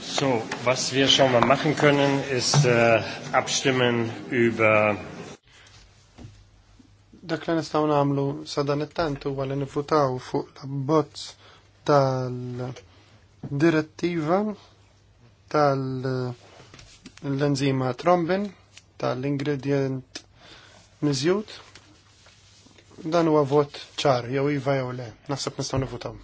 So, was wir schon mal machen können, ist äh, abstimmen über. Dak li nistgħu nagħmlu sa dan it-tant huwa li nivvutaw fuq l-abbozz tal-direttiva tal-enzima trombin tal-ingredient miżjud dan huwa vot ċar jew iva jew le. Naħseb nistgħu nivvutaw.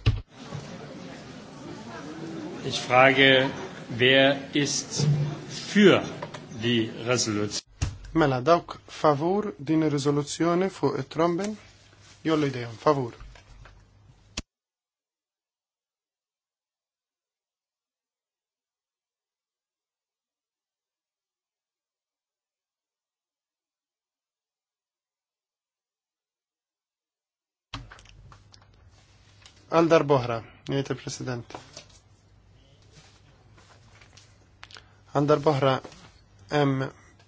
Ich frage, wer ist für die Resolution? Mela dawk favur din il-rezoluzzjoni fuq il tromben jollu idejhom favur. Għaldar Bohra, jgħid il-President. Għandar boħra hemm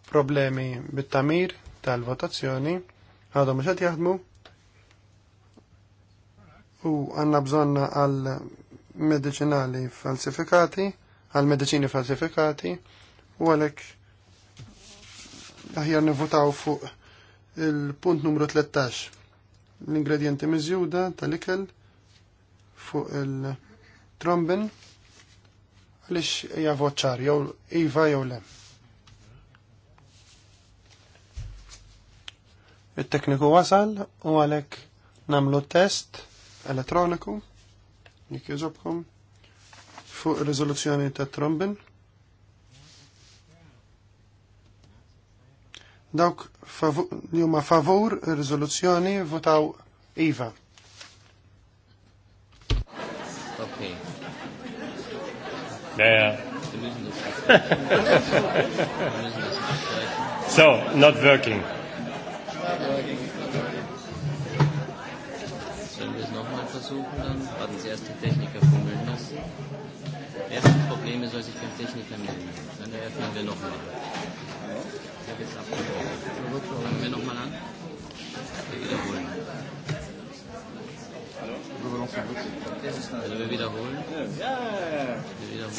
problemi bit-tamir tal-votazzjoni għadhom xed jaħdmu u għandna bżonna għal medicinali falsifikati, għal medicini falsifikati u għalhekk aħjar nivotaw fuq il-punt numru 13 l-ingredienti miżjuda tal-ikel fuq il-trombin għaliex hija voċċar jew iva jew le. Il-tekniku wasal u għalhekk nagħmlu test elettroniku jekk fuq ir-riżoluzzjoni ta' trombin. Dawk li huma favur ir-riżoluzzjoni votaw iva. Yeah, yeah. so, not working. Sollen wir es nochmal versuchen dann? Warten Sie erst den Techniker fummeln lassen. Ersten Probleme er soll sich kein Techniker melden. Dann eröffnen wir nochmal. Fangen wir nochmal an. Wir wiederholen.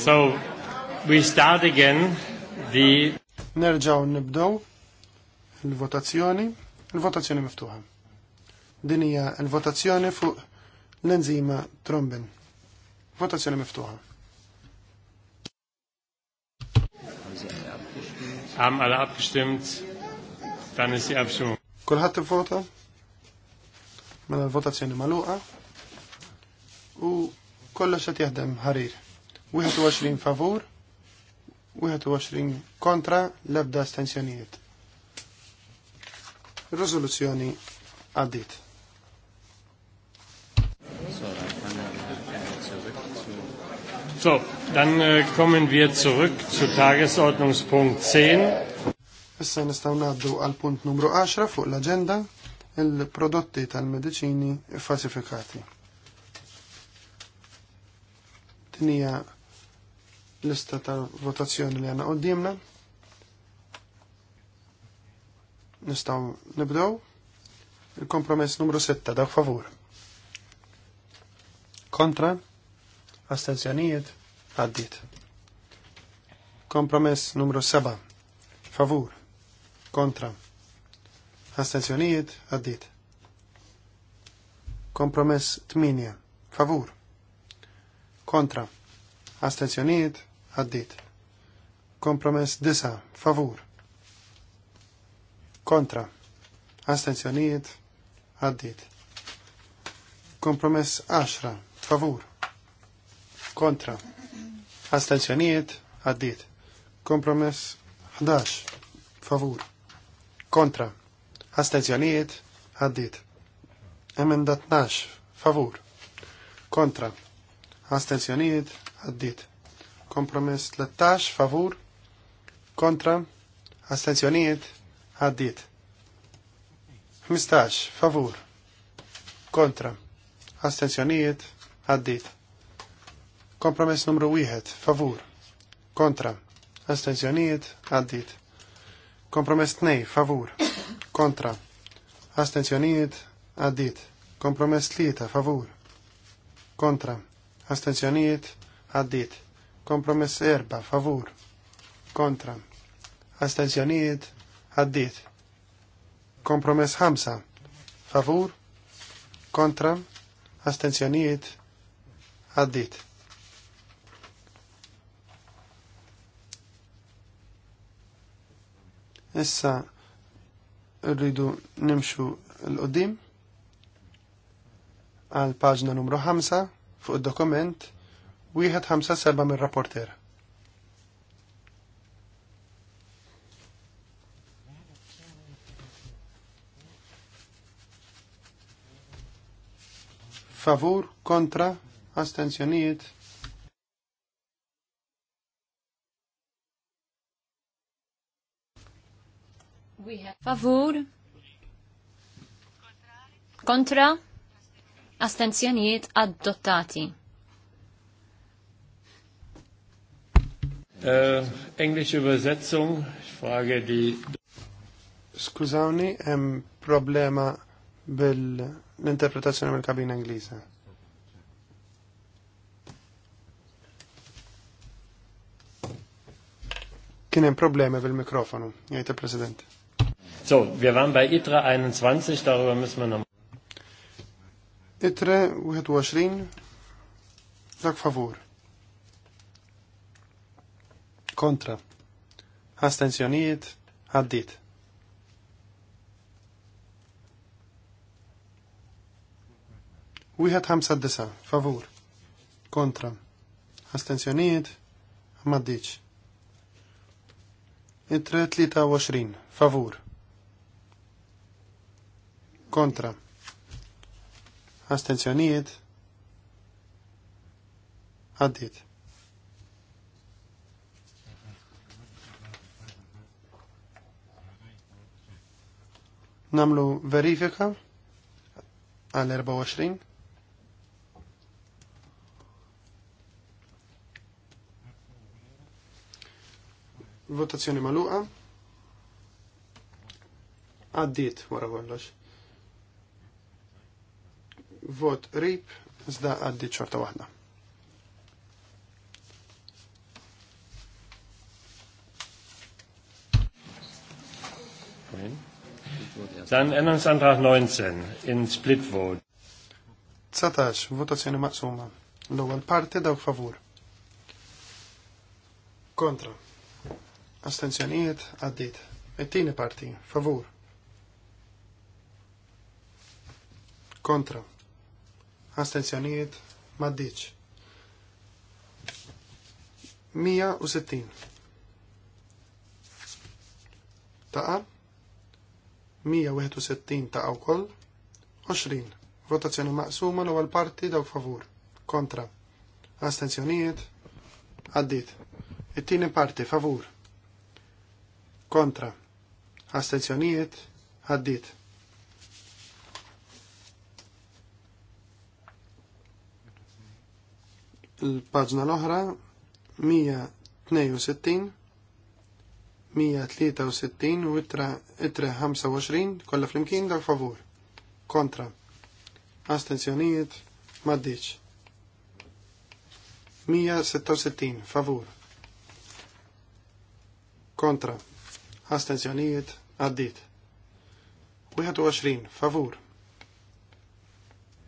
So, we start again the... Nerġaw nibdow il-votazzjoni, il-votazzjoni miftuħa. Din hija il-votazzjoni fuq l-enzima trombin. Votazzjoni miftuħa. Am għala abgestimmt, dann ist die Abstimmung. Kulħadd ivvota? vota mela l-votazzjoni maluqa u kollox qed jaħdem ħarir. 21 favur, 21 kontra l-ebda astensjonijiet. Risoluzzjoni għaddit. So, dan äh, kommen wir zurück zu Tagesordnungspunkt 10. Issa nistaw naddu għal punt numru 10 fuq l-agenda il-prodotti tal-medicini falsifikati. Tinija lista ta' votazzjoni li għana għoddimna. Nistaw nibdow. Il-kompromess numru 6 dak favur. Kontra. Astenzjonijiet. Għaddit. Kompromess numru 7. Favur. Kontra. Astenzjonijiet għaddit. Kompromess 8. Favur. Kontra. Astenzjonijiet għaddit. Kompromess 9. Favur. Kontra. Astenzjonijiet għaddit. Kompromess 10. Favur. Kontra. Astenzjonijiet għaddit. Kompromess 11. Favur. Kontra. Astenzjonijiet għaddit. Emenda 12. Favur. Kontra. Astenzjonijiet għaddit. Kompromess 13. Favur. Kontra. Astenzjonijiet għaddit. 15. Favur. Kontra. Astenzjonijiet għaddit. Kompromess numru 1. Favur. Kontra. Astenzjonijiet għaddit. Kompromess 2. Favur kontra, astenzjonijiet għaddit, kompromess tlieta favur, kontra, astenzjonijiet għaddit, kompromess erba favur, kontra, astenzjonijiet għaddit, kompromess ħamsa favur, kontra, astenzjonijiet għaddit. Issa rridu nimxu l-qoddim għal paġna numru 5 fuq id-dokument 157 mir-rapporter. Favur, kontra, astenzjonijiet, Favur? Kontra? Astenzjonijiet adottati. Uh, Englische Übersetzung, ich frage die... Skużawni, hemm problema bil-interpretazzjoni mill-kabina Ingliża. Kien hemm problema bil-mikrofonu, jgħid il-President. So, wir waren bei ITRA e 21, darüber müssen wir nochmal. ITRA e 21, dak favur. Kontra. Astenzjonijiet, għaddit. Wieħed ħamsa disa, favur. Kontra. Astenzjonijiet, maddiċ. Itre 23, favor kontra astenzjonijiet għaddit. Namlu verifika għal 24. Votazzjoni maluqa. Għaddit wara kollox vot rip zda għaddi ċorta wahda. Dan ennansantraħ 19 in split vote. 19 votazzjoni maqsuma. L-ewwel parti daw favur. Kontra. Astenzjonijiet għaddit. It-tieni parti favur. Kontra astensjonijiet maddiċ. 160. Taqa. 161 taqa u koll. 20. Votazzjoni maqsuma l ewwel parti daw favur. Kontra. Astenzjonijiet. Għaddit. It-tieni parti favur. Kontra. Astenzjonijiet. Għaddit. l-paġna l-oħra 162 163 u itra 25 kollha flimkien dal favur. Kontra. Astenzjonijiet maddiċ. 166 favur. Kontra. Astenzjonijiet addit 21 favur.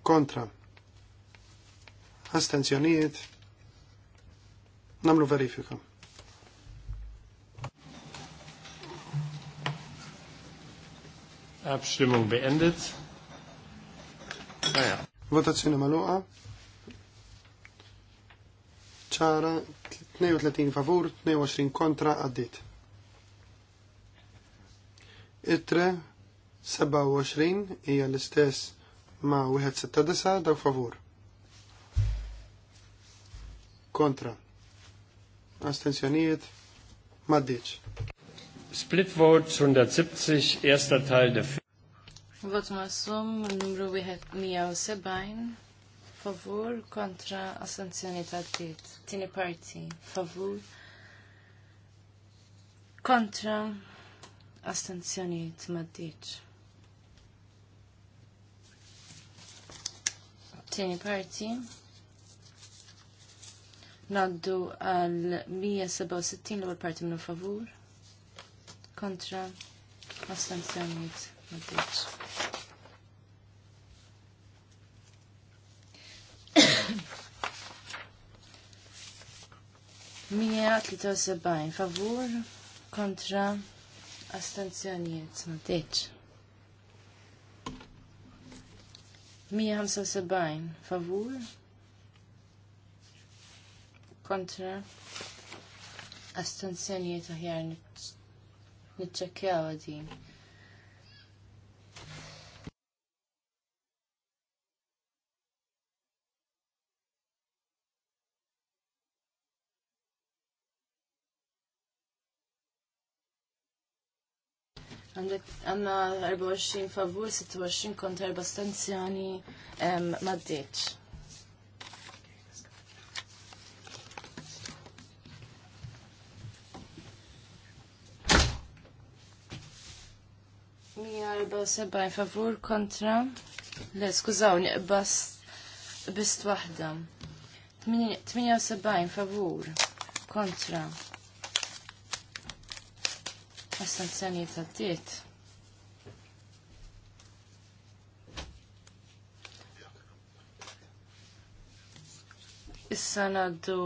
Kontra astenzjonijiet, namlu verifika. Abstimmung beendet. Naja. Votazzjoni maluqa. ċara 32 favur, 22 kontra għaddit. Itre 27 hija l-istess ma' 169 daw favur kontra astensjonijiet maddiċ. Split vote 170, erster de fi. Vot ma sum, numru 170, favur kontra astensjonijiet għaddit. Tini parti, favur kontra astensjonijiet maddiċ. Tini parti, Naddu għal 167 l-ewwel parti minnu favur. Kontra astanzjoniet maddiċ. Mija 73 favur kontra astenzjonijiet maddiċ. 175 favur kontra kontra astanzjonijiet aħjar nitċekkjaw din. Għandek għanna 24 favur, 26 kontra bastanzjani maddiċ. 174 favur kontra. Le, skużawni, bist waħda. 78 favur kontra. t-sani ta' għaddit Issa naddu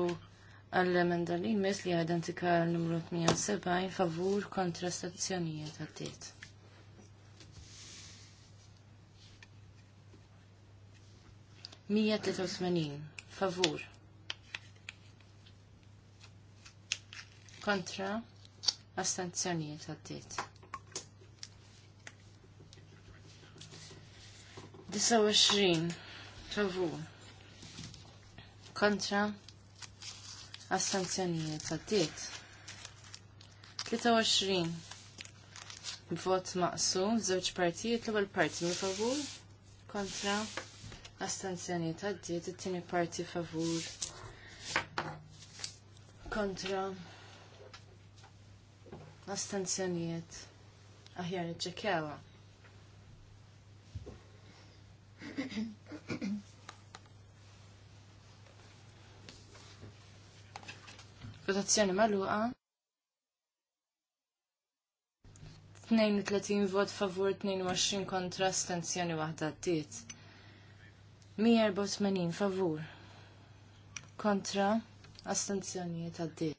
għall-emenda li jmiss li identika l-numru 87 favur kontra stazzjonijiet għaddit. 183 favur kontra astanzjonijiet għaddit. 29 favur kontra astanzjonijiet għaddit. 23 vot maqsum żewġ partijiet l-ewwel parti minn favur kontra d għaddiet, it-tieni parti favur kontra astenzjonijiet aħjar iċċekjawa. Votazzjoni maluqa. 32 vot favur, 22 kontra, astenzjoni waħda d-diet. 184 favur kontra astenzjonijiet għaddit.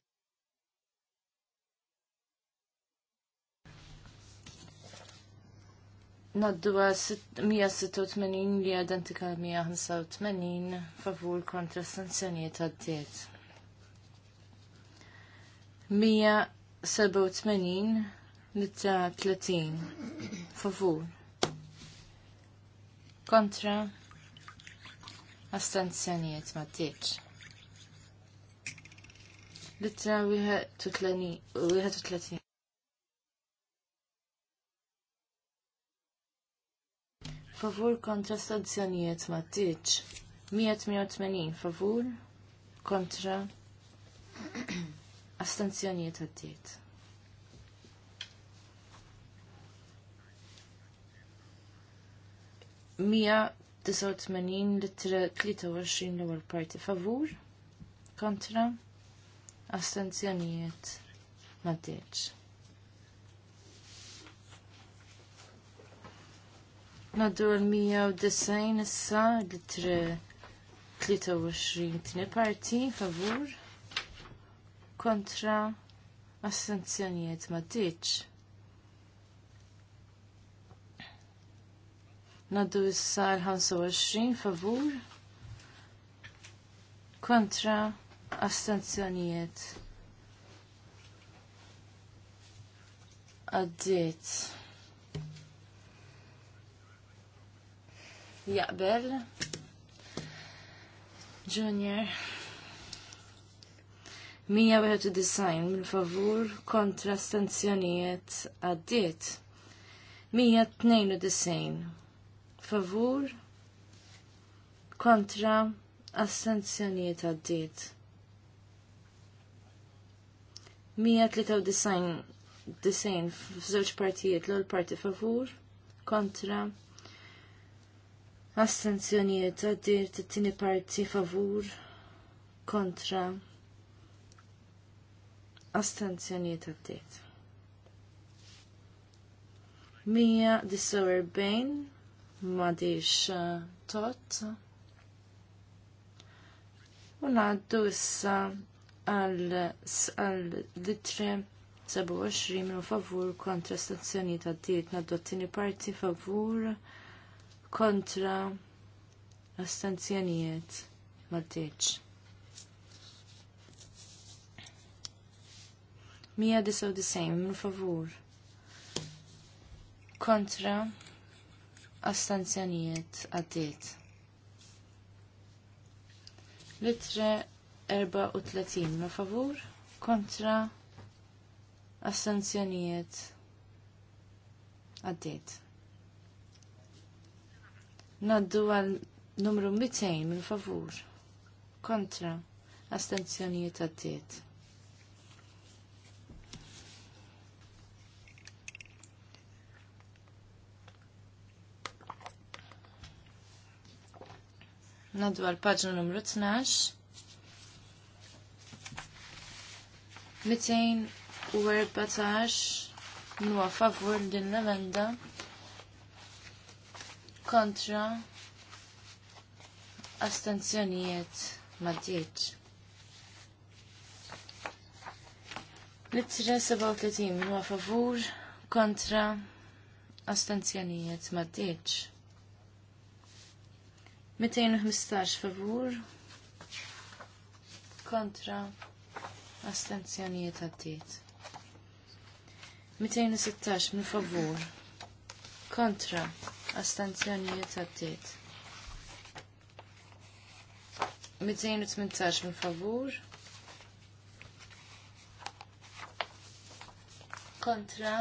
Naddu 186 li identika 185 favur kontra sanzjoniet għaddiet. 187 li ta' 30 favur kontra astenzjonijiet ma t-tieċ. Littra wieħed u 31. Favur kontra stazzjonijiet ma t tiċ. 180 favur kontra ma t-tieċ. Mija 89 litra 23 l-ewwel parti favur kontra astenzjonijiet m'għaddiex. Naddu l-190 issa litra 23 tni parti favur kontra astenzjonijiet m'għaddiex. Naddu issa l-25 favur kontra astenzjonijiet. Għaddit. Jaqbel. Junior. 191 design favur kontra astenzjonijiet. għaddiet. 192 favur kontra assenzjoniet għaddit. 193 f'żewġ partijiet l-ol parti favur kontra assenzjoniet għaddit it-tieni parti favur kontra astenzjonijiet għaddit. 149 madix uh, tot. Unaddu issa għal litre 27 minu favur kontra stazzjoni ta' na naddottini parti favur kontra astanzjonijiet maddiċ. 199 minu favur kontra astanzjonijiet għaddiet. Litre 34 ma favur kontra astanzjonijiet għaddiet. Naddu għal numru 200 minn favur kontra astanzjonijiet għaddiet. Naddu għal paġna numru 12. 214 minwa favur din l-emenda kontra astenzjonijiet maddieċ. Littra 37 minwa favur kontra astenzjonijiet maddieċ. 215 favur kontra astenzjonijiet għaddit. 216 minn favur kontra astenzjonijiet għaddit. 218 minn favur kontra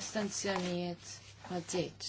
astenzjonijiet għaddit.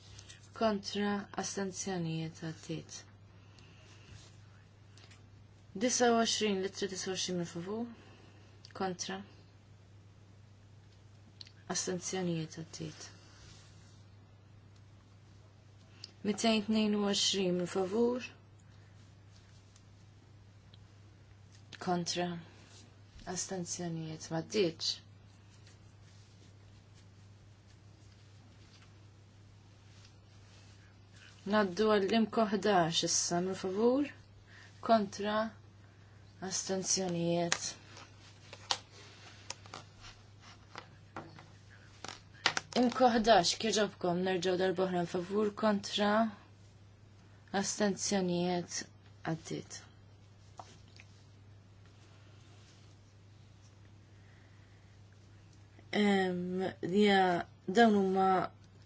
kontra astenzjonijiet għaddit. 29 litri 29 minn favur kontra astenzjonijiet għaddit. 222 minn favur kontra astanzjonijiet maddiċ. Naddu għall-imko 11 issa, minn favur, kontra, astenzjonijiet. Imko 11, kieġobkom, nerġaw dal-boħra favur, kontra, astenzjonijiet, għaddit. Um, ja, dawn huma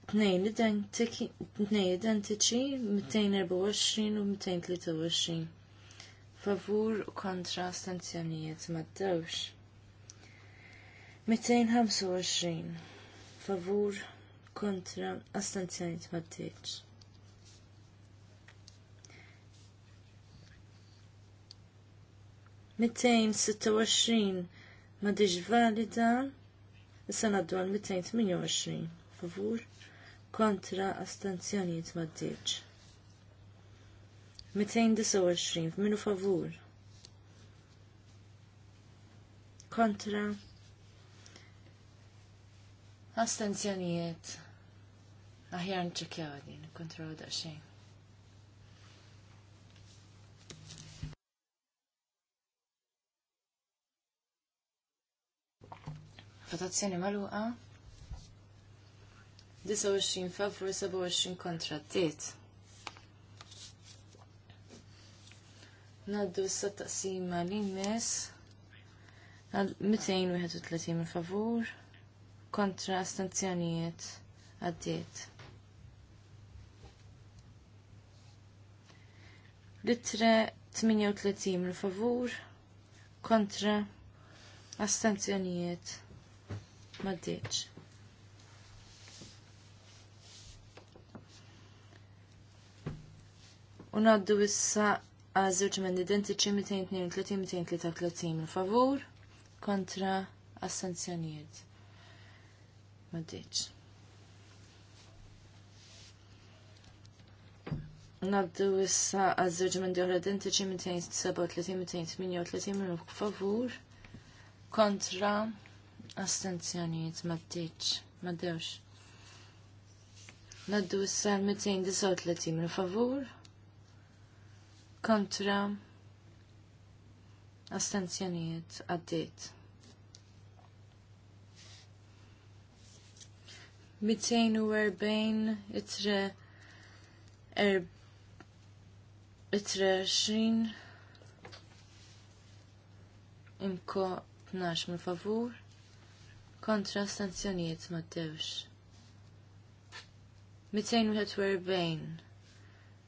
tnejn identiċi 224 u 223. Favur u kontra astenzjonijiet maddewx. 225. Favur kontra astenzjonijiet maddewx. Mittejn sitta ma diġ valida, issa naddu għal 28, favur kontra astenzjonijiet maddiċ. 229 minu favur kontra astenzjonijiet aħjar nċekjaw din kontra daqsxejn. Votazzjoni maluqa. 29 favur 27 kontra tiet. Naddu sa taqsima li mes għal 231 favur kontra stanzjonijiet għaddiet. Litre 38 favur kontra astanzjonijiet maddiċ. U naddu issa għażewġ minn identiċi 232-233 minn favur kontra assenzjonijiet. Maddiċ. Unaddu issa għażewġ minn oħra identiċi 237-238 minn favur kontra astenzjonijiet maddiċ. Maddewx. Naddu issa 239 minn favur kontra astenzjonijiet għaddit. Mitzejn u erbejn itre er itre xrin imko tnax mil favur kontra astenzjonijiet maddewx. Mitzejn u erbejn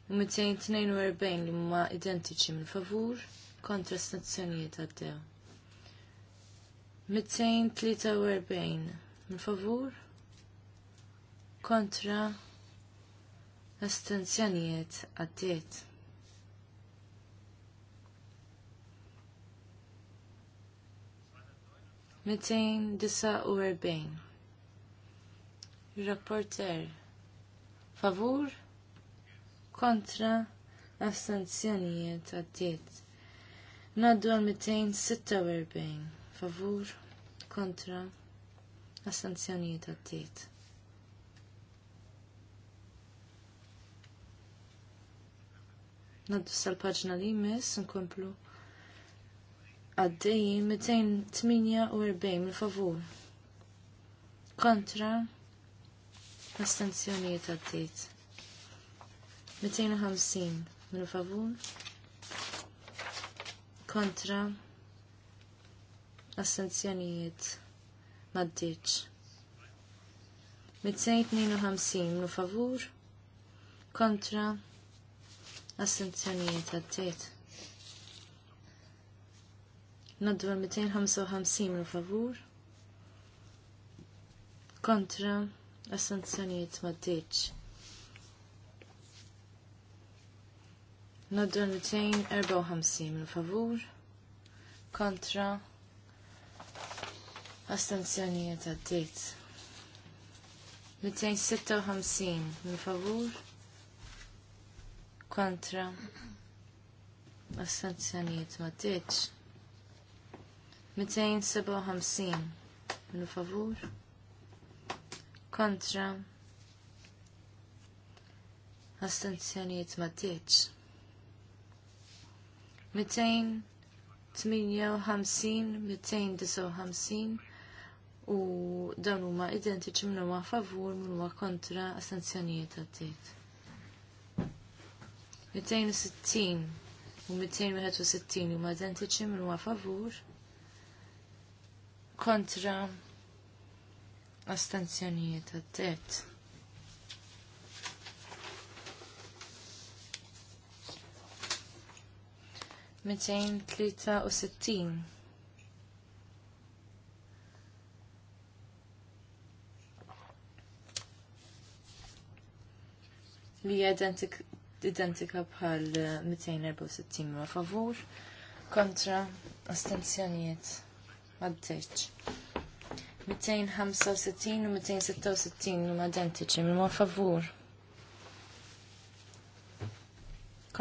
242 li huma identiċi minn favur kontra stazzjonijiet għaddew. 243 minn favur kontra astenzjonijiet għaddiet. Mitejn disa u erbejn. Rapporter. Favur? kontra astenzjonijiet għaddiet. Naddu għal 246 favur kontra astenzjonijiet għaddiet. Naddu sal-paġna li jmiss nkomplu għaddejjin 248 mil-favur kontra astenzjonijiet għaddiet. 250 minu favur kontra assenzjonijiet maddiċ 252 minu favur kontra assenzjonijiet għaddiet Naddu għal 255 minu favur kontra assenzjonijiet maddiċ Noddu 254 minn favur kontra astenzjonijiet għaddit. 256 minn favur kontra astenzjonijiet ma ddiċ. 257 minn favur kontra astenzjonijiet ma ddiċ. 258-259 u dawn huma identiċi minn huwa favur minn huwa kontra astenzjonijiet għaddejt. 260 u 261 huma identiċi minn huwa favur kontra astenzjonijiet għaddejt. 263. li identik, identika bħal 264 ma favur kontra astenzjonijiet għaddeċ. 265 u 266 huma identiċi ma favur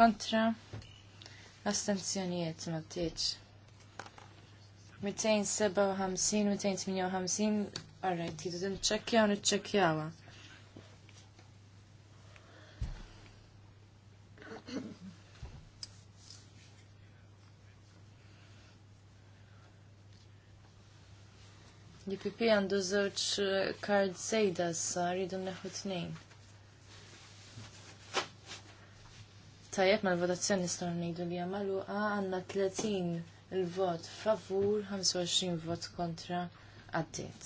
kontra astenzjonijiet ma ddiċ. 257, 258, alright, jidu din ċekjaw, nċekjawa. DPP għandu zoċ kard eh, sejda sa rridu neħu tnejn. Tajjeb ma l-votazzjoni nistgħu ngħidu li hemm magħluqa għandna 30 il-vot favur, 25 vot kontra għaddiet.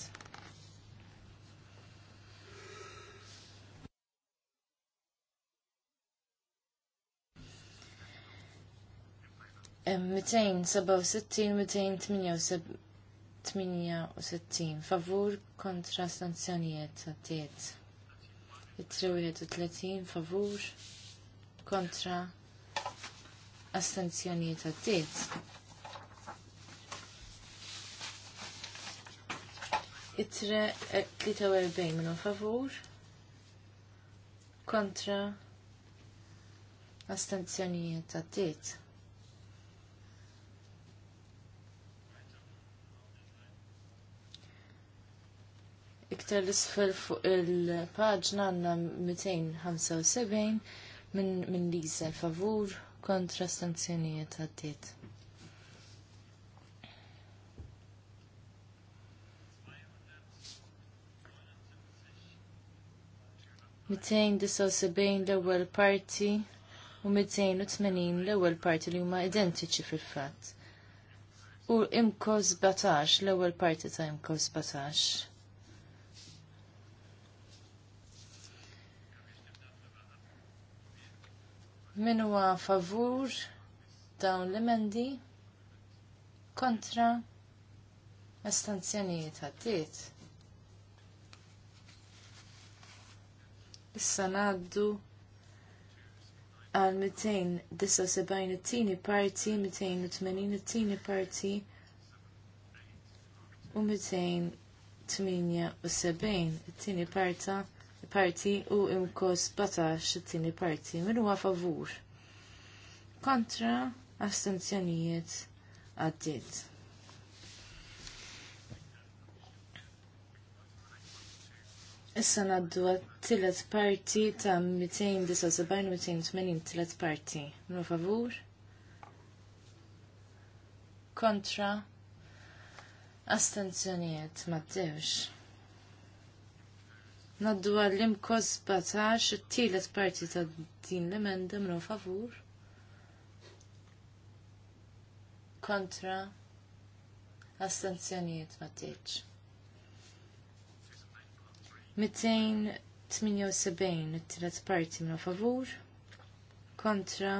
Mitejn 267, 268 favur kontra stanzjonijiet għaddiet. 33 favur kontra astenzjonijiet tiet. itre 43 eh, minu favur kontra astenzjonijiet tiet. iktar l-isfel fuq il-paġna għanna 275 minn min Lisa favur kontra sanzjonijiet għaddiet. Mitejn sebejn l-ewwel parti u mitejn u tmenin l-ewwel parti li huma identiċi fil-fatt. U imkos batax l-ewwel parti ta' imkos batax. Min huwa favur dawn l-emendi kontra estanzjonijiet għaddiet. Issa naddu għal 279 it-tieni parti, 280 it-tieni parti u 278 it-tieni parta parti u imkos 17 it parti min huwa favur. Kontra astenzjonijiet għaddit. Issa naddu għat-tillet parti ta' 279-280 tillet parti. No favur? Kontra? Astenzjonijiet, maddewx. Naddu għallim kos 17, it-tielet parti ta' din l-emenda minn favur. Kontra astenzjoniet ma tiġ. 278 it-tielet parti minn favur. Kontra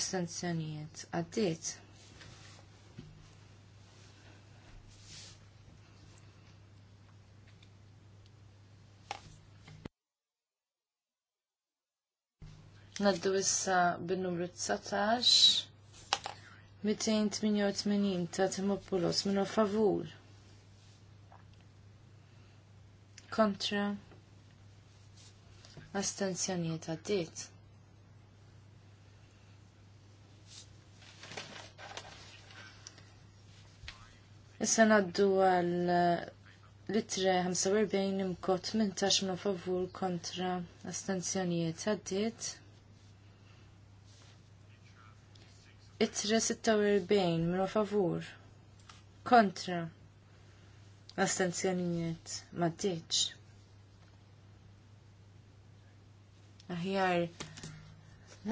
astenzjoniet għaddiet. Naddu issa bil numru 19. 288 ta' Timopulos minu favur. Kontra. Astenzjoniet għaddit. Issa naddu għal litre 45 imkot 18 minu favur kontra astenzjoniet għaddit. Itre 46 minu favur. Kontra. Astenzjonijiet maddiċ. Aħjar.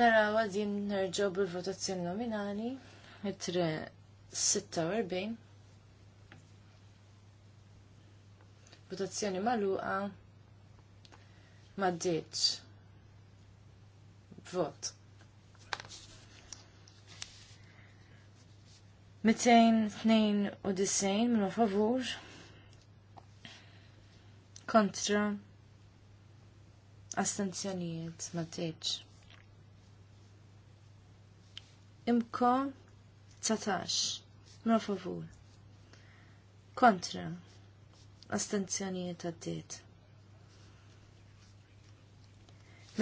Nara għadin nerġaw bil-votazzjoni nominali. Itre 46. Votazzjoni maluqa maddiċ. Vot. 292 minu favur kontra astenzjonijiet ma teċ. Imko 19 minu favur kontra astenzjonijiet għaddiet.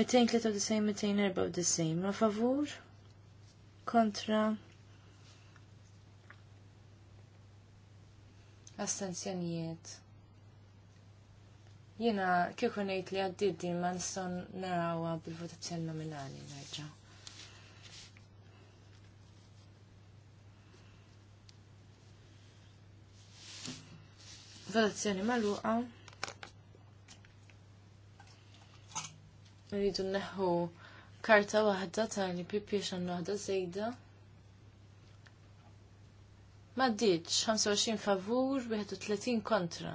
293-294 ma favur kontra astenzjonijiet. Jena kieku ngħid li għaddid ma nistgħu narawha bil-votazzjoni nominali nerġa'. Votazzjoni magħluqa. Rridu neħu karta waħda tal-PP xannu waħda zejda. Maddiċ, 25 favur, 31 kontra.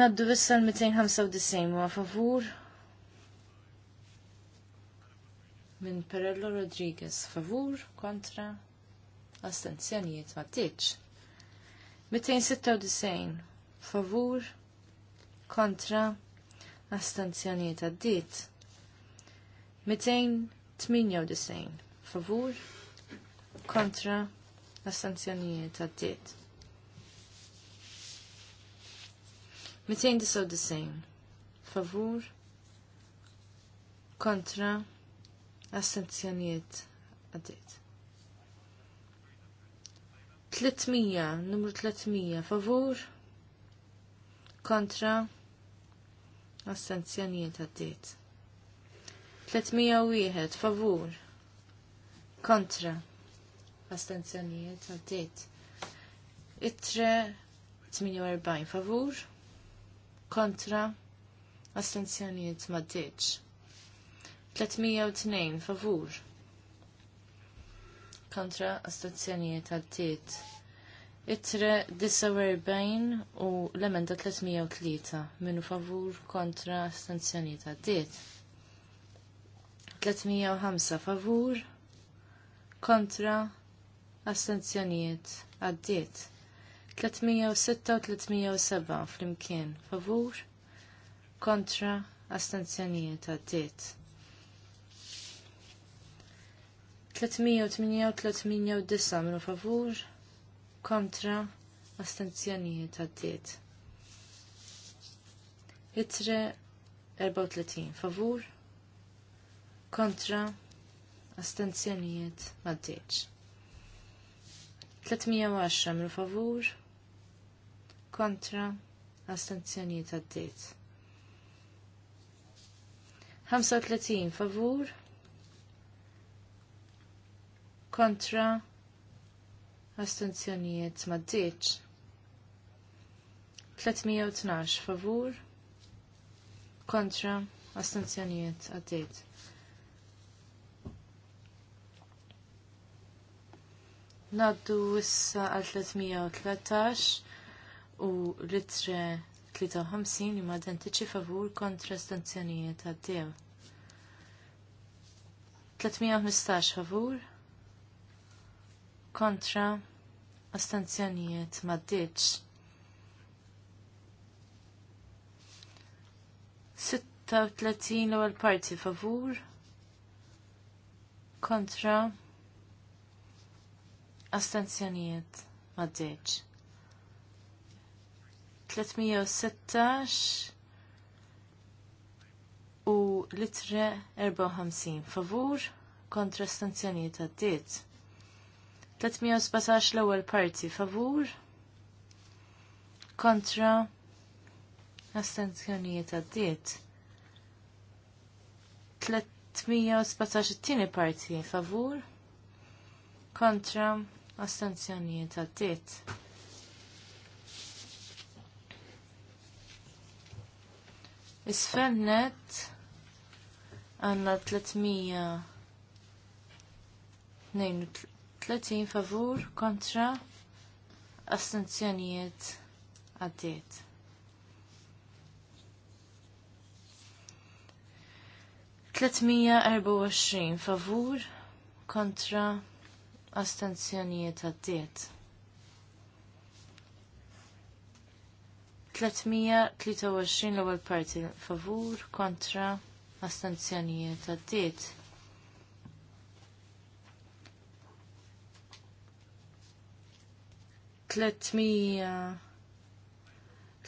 Naddu vissa l-295 ma favur Min Perello Rodriguez. Favur, kontra, astenzjonijiet, maddiċ. 296 favur, kontra, astenzjonijiet, għaddit. 298 favur, kontra, Astenzjonijiet għaddiet. disajn. favur kontra assenzjonijiet għaddit. 300, numru 300, favur kontra astenzjonijiet għaddit. 301, favur kontra astenzjonijiet għaddit. Itre 48 favur kontra astenzjonijiet maddiċ. 302 favur kontra astenzjonijiet għaddit. Itre 49 u l-emenda 303 minu favur kontra astenzjonijiet għaddit. 305 favur kontra astenzjonijiet għaddiet. 306 u 307 flimkien favur kontra astenzjonijiet għaddiet. 338 u minu favur kontra astenzjonijiet għaddiet. Itre 34 favur kontra astenzjonijiet għaddiet. 310 minn favur kontra astenzjonijiet għaddit. 35 favur kontra astenzjonijiet maddiċ. 312 favur kontra astenzjonijiet għaddit. Naddu issa għal 313 u litre 53 li madentiċi favur kontra stanzjonijiet għaddew. 315 favur kontra astanzjonijiet maddiċ. 36 l parti favur kontra astenzjonijiet maddeċ. 316 u litre 54 favur kontra astenzjonijiet għaddiet. 317 l-ewwel parti favur kontra astenzjonijiet għaddiet. 317 it-tieni parti favur kontra Astenzjonijiet għaddiet. Isfennet għanna 332 favur kontra astenzjonijiet għaddiet. Tletmija favur kontra astenzjonijiet għaddiet. 323 l-ewwel parti favur kontra astenzjonijiet għaddiet. Tletmija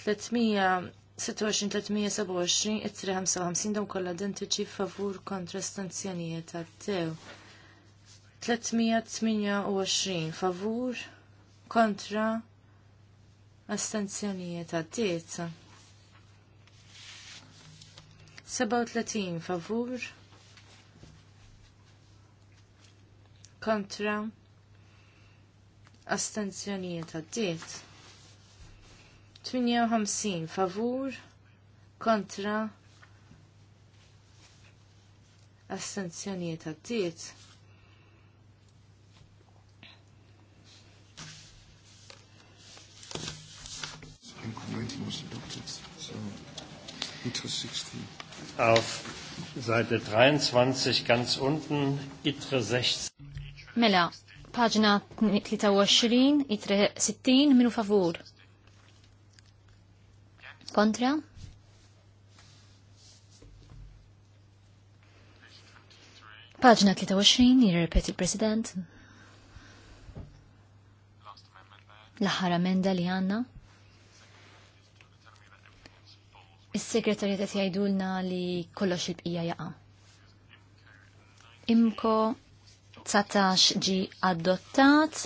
326-327 it-355 dawn kollha identiċi favur kontra stanzjonijiet għaddew. 328 favur kontra astenzjonijiet għaddiet. 37 favur kontra astenzjonijiet għaddiet. 58 favur kontra astenzjonijiet għaddiet. point was adopted. So it 16. Auf Seite 23 ganz unten, ITRE 16. Mela, pagina 23, ITRE 16, minu favur. Kontra? Pagina 23, jirrepeti il-President. L-ħar amenda li għanna. Is-segretarja qed jgħidulna li kollox il-bqija jaqa'. Imko 19 ġi adottat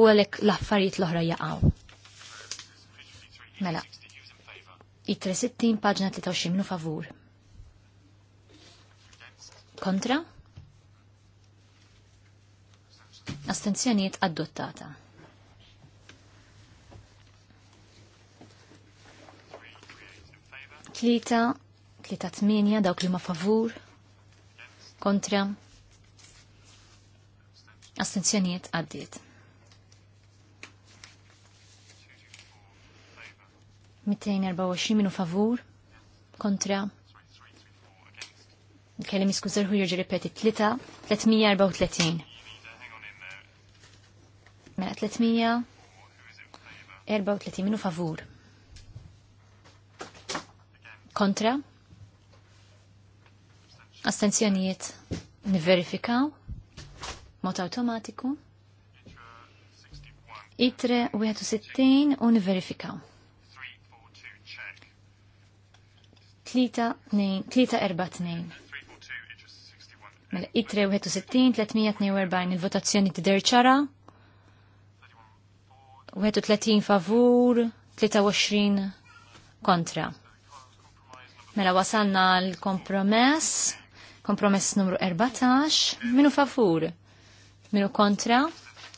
u għalhekk l-affarijiet l-oħra jaqgħu. Mela. i sittin paġna 23 minu favur. Kontra? Astenzjonijiet adottata. Tlieta, tlieta tminja, dawk li ma favur, kontra, astenzjoniet għaddiet. 224 minu favur, kontra, kelli miskużar hu jirġi ripeti 3, 334. Mela 334 minu favur, kontra, astenzjonijiet niverifikaw, mot automatiku, itre 61 u niverifikaw. 3 Mela, itre 61, 342 il-votazzjoni t-der ċara, 31 favur, 23 kontra. Mela wasalna l-kompromess, kompromess numru 14, minu favur, minu kontra,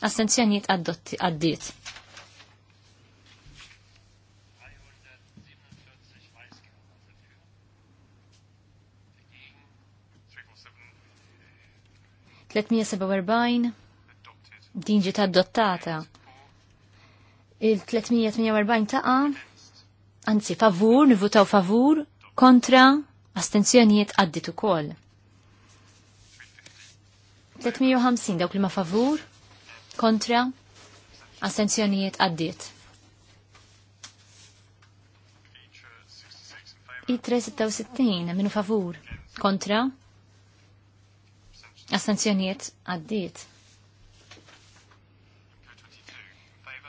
astenzjoniet għaddit. din ġiet adottata. Il-348 taqa' anzi favur, nivutaw favur, kontra astenzjonijiet għaddit ukoll. 350 dawk li ma favur, kontra, astenzjonijiet għaddit. I-366 minu favur, kontra, astenzjonijiet għaddit.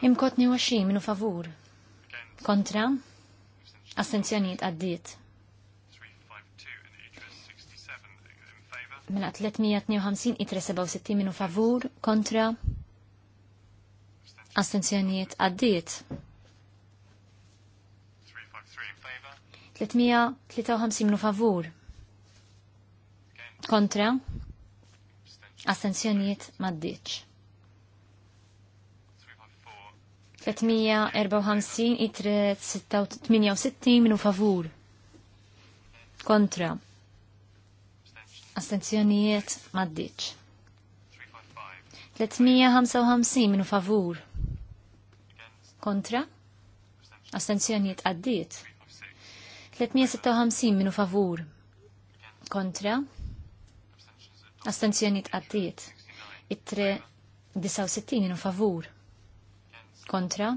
Imkotni 20 minu favur, kontra, astenzjonijiet għaddiet. Mela, minna 352 itre 67 minu favur kontra astenzjoniet għaddiet. 353 minu favur kontra astenzjoniet maddiċ. 354 itre 68 minu favur kontra astenzjonijiet maddiċ. 355 minu favur kontra astenzjonijiet għaddiet. 356 minu favur kontra astenzjonijiet għaddiet. Ittre 69 minu favur kontra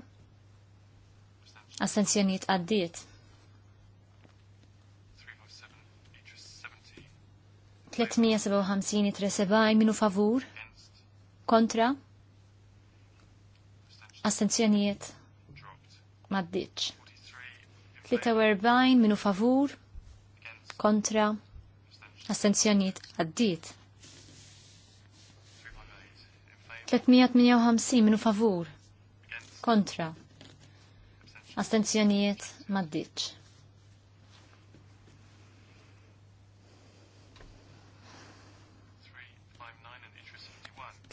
astenzjonijiet għaddiet. 357 tresebaj minu favur kontra astenzjonijiet maddiċ 43 minu favur kontra astenzjonijiet għaddit 358 minu favur kontra astenzjonijiet maddiċ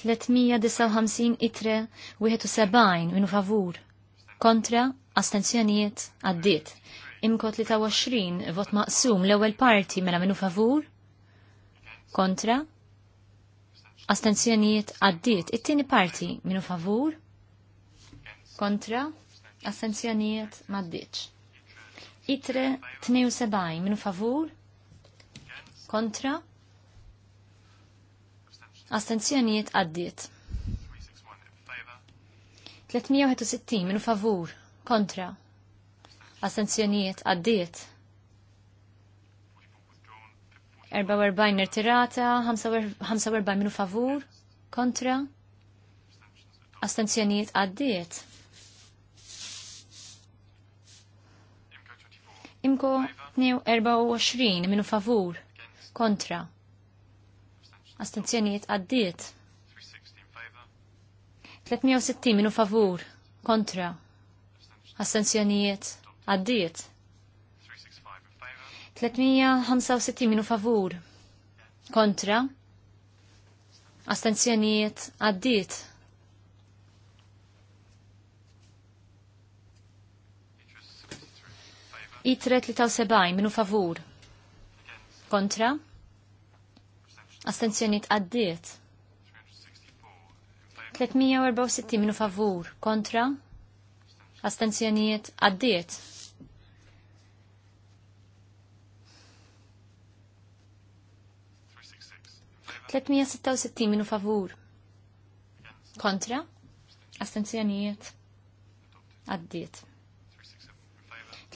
359 itre 71 minu favur. Kontra astenzjonijiet għaddiet. Imko 23 vot maqsum l-ewwel parti mela minu favur. Kontra astenzjonijiet għaddiet. It-tieni parti minu favur. Kontra astenzjonijiet maddiċ. Itre 72 minu favur. Kontra Astenzjonijiet għaddiet. 361 minu favur, kontra. Astenzjonijiet għaddiet. 44 nirtirata, 45 minu favur, kontra. Astenzjonijiet għaddiet. Imko 24 minu favur, kontra. Astenzjonijiet għaddiet. 360 minu favur, kontra. Astenzjonijiet għaddiet. 365 minu favur, kontra. Astenzjonijiet għaddiet. I 373 minu favur, kontra. Astenzjoniet għaddiet. 364 minu favur kontra. Astenzjonijiet għaddiet. Tletmija sitta u minu favur. Kontra. astenzjonijiet? għaddiet.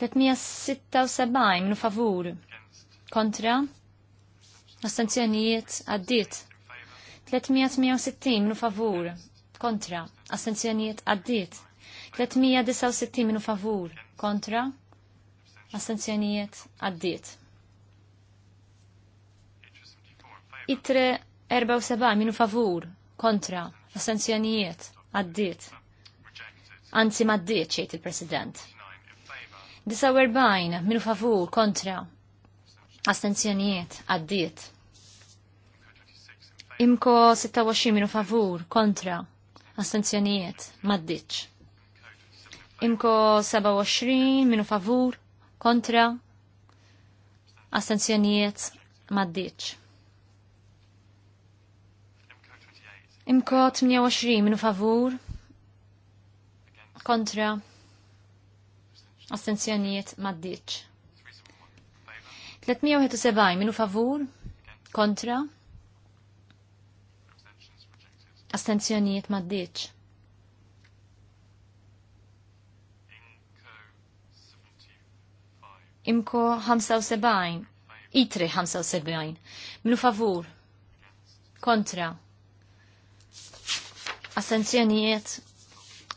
376 minu favur. Kontra. Astenzjonijiet għaddiet. 360 minu favur. Kontra. Astenzjonijiet għaddiet. 369 minu favur. Kontra. Astenzjonijiet għaddiet. Itre 47 minu favur. Kontra. Astenzjonijiet għaddiet. Anzi maddiet ċejt il-President. 49 minu favur. Kontra. Astenzjonijiet għaddiet. Imko 26 minu favur kontra. Astenzjonijiet maddiċ. Imko 27 minu favur kontra. Astenzjonijiet maddiċ. Imko 28 minu favur kontra. Astenzjonijiet maddiċ. 371 minu favur kontra astenzjonijiet maddiċ. Imko 75, itri 75, minu favur, kontra, astenzjonijiet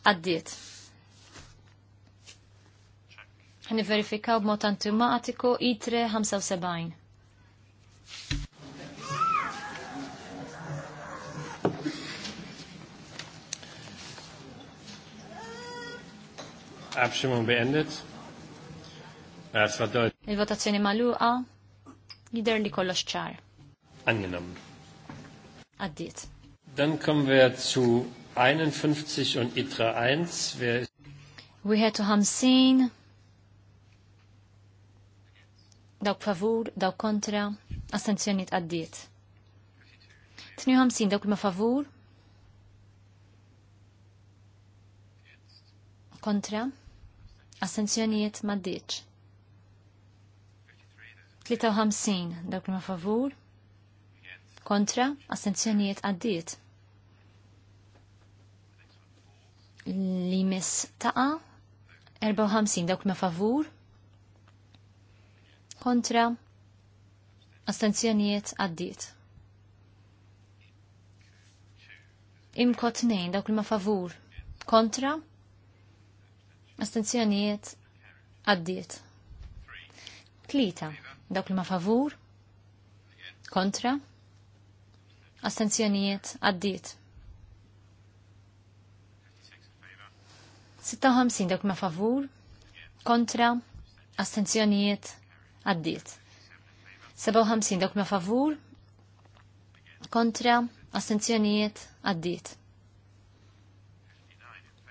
għaddiet. Niverifikaw b'mod antimatiku itre 75. Abstimmung beendet. Il-votazzjoni maluqa jider li kollox ċar. Angenommen. Addiet. Dan kom wir zu 51 un ITRA 1. Wer... u dawk favur, dawk kontra, astenzjoniet għaddiet. 52 dawk ma favur, kontra, astenzjoniet ma ddiċ. 53 dawk ma favur, kontra, astenzjoniet għaddiet. Limis taqa, 54 dawk ma favur, kontra astenzjonijiet għaddiet. Imkot nejn dawk li ma favur kontra astenzjonijiet għaddiet. Tlita dawk li ma favur kontra astenzjonijiet għaddiet. 56 dawk ma favur kontra astenzjonijiet għaddilt. 57 dawk ma favur, kontra, astenzjonijiet, għaddilt.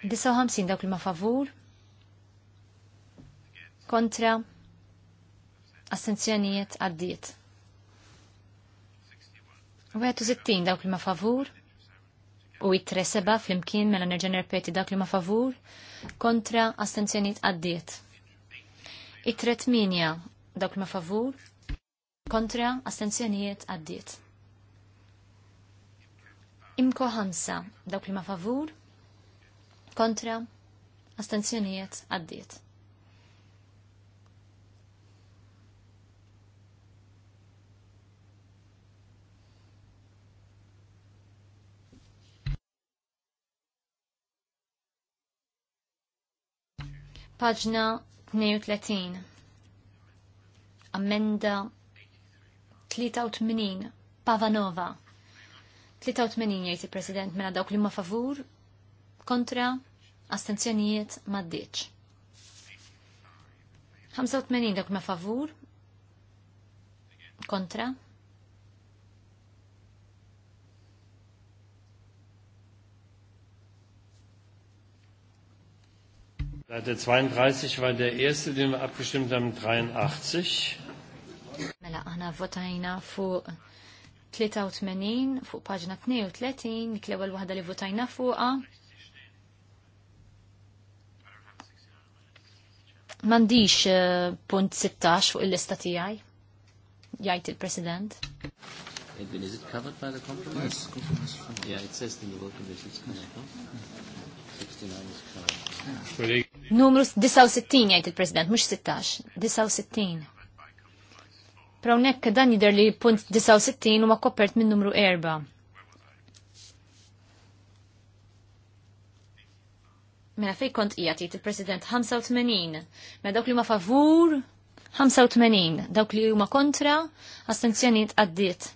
59 dawk li ma favur, kontra, astenzjonijiet, għaddilt. 61 dawk li ma favur, u it seba fl-imkien mela nerġener nerpeti dak li ma favur kontra astenzjoniet għaddiet. It-tre tminja dawk ma favur, kontra, astenzjonijiet għaddiet. Imko ħamsa, dawk li ma favur, kontra, astenzjonijiet għaddiet. Paġna 32. Amenda 83 Pavanova. 83 jgħid il-President mela dawk li ma favur, kontra, astenzjonijiet maddiċ. 85 dawk ma favur, kontra, Seite 32 war der erste, den wir abgestimmt haben, 83. Mela, aħna votajna fuq 83, fuq paġna 32, dik l-ewwel waħda li votajna fuqha. Mandiċ eh, punt 16 fuq il-lista tiegħi, jgħid il-President. Edwin, is it covered by the compromise? Yes, compromise. Yeah, it says in the work it's covered, 69 is covered numru 69 jgħid il-President, mhux 16, 69. Pro nekk dan jidher li punt 69 huma koppert minn numru 4. Mela fej kont ija tijt il-President 85, mela dawk li huma favur 85, dawk li huma kontra, astenzjoni għaddiet.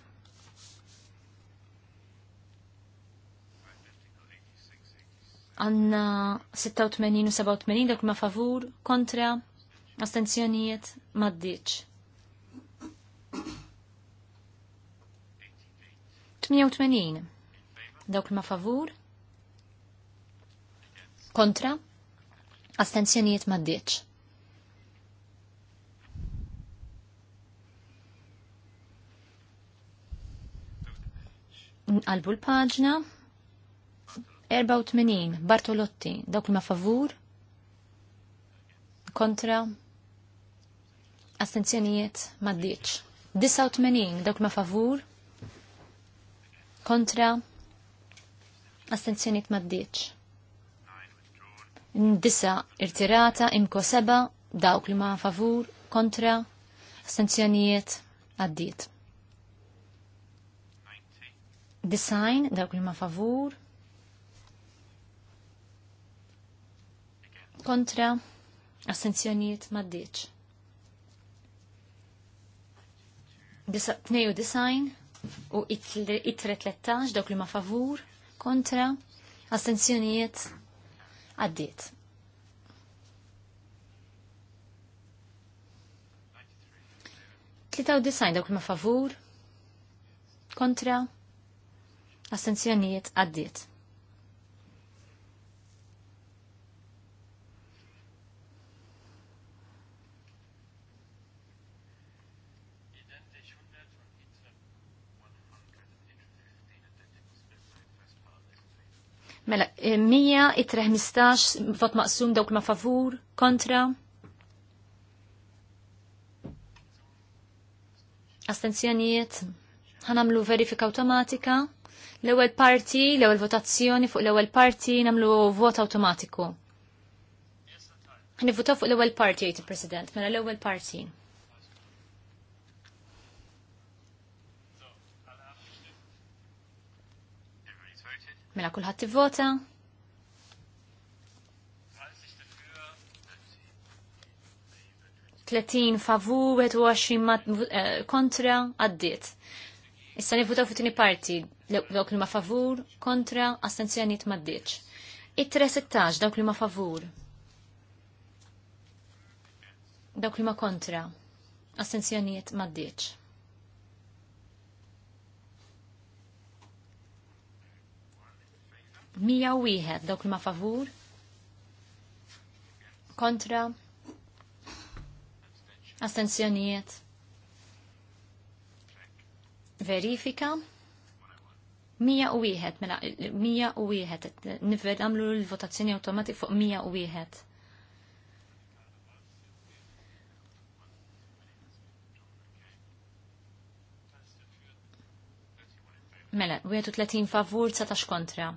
għanna 86 u 87 dak ma favur kontra astenzjonijiet maddiċ. 88 dak ma favur kontra astenzjonijiet maddiċ. Nqalbu l pagġna 84 Bartolotti dawk li ma favur kontra astenzjonijiet ma ddiċ 89 dawk ma favur kontra astenzjonijiet ma ddiċ Disa irtirata imko seba dawk li ma favur kontra astenzjonijiet għaddiet. Design dawk li ma favur kontra assenzjoniet maddiċ. Tnej u itre 13 dawk li ma favur kontra assenzjonijiet għaddiet. disajn dawk li ma favur kontra assenzjoniet għaddiet. Mela, 100 eh, 15 vot maqsum dawk ma favur, kontra. Astenzjonijiet, ħanamlu verifika automatika. L-ewwel parti, l-ewwel votazzjoni fuq l-ewwel parti namlu vot automatiku. Nivvutaw fuq l-ewwel parti jgħid il-President, mela l-ewwel parti. Mela kulħadd tivvota. Tletin favur, 21 eh, kontra, għaddiet. Issa nivvutaw fit-tini parti, dawk li ma favur, kontra, astenzjoniet ma ddiċ. It-tre settax, dawk li ma favur. Dawk li ma kontra, astenzjoniet ma ddiċ. Mija wieħed dawk li ma favur kontra astenzjonijiet verifika Mija u 101 mela wieħed nifved għamlu l-votazzjoni automatik fuq Mija u wieħed. Mela, 31 favur, 19 kontra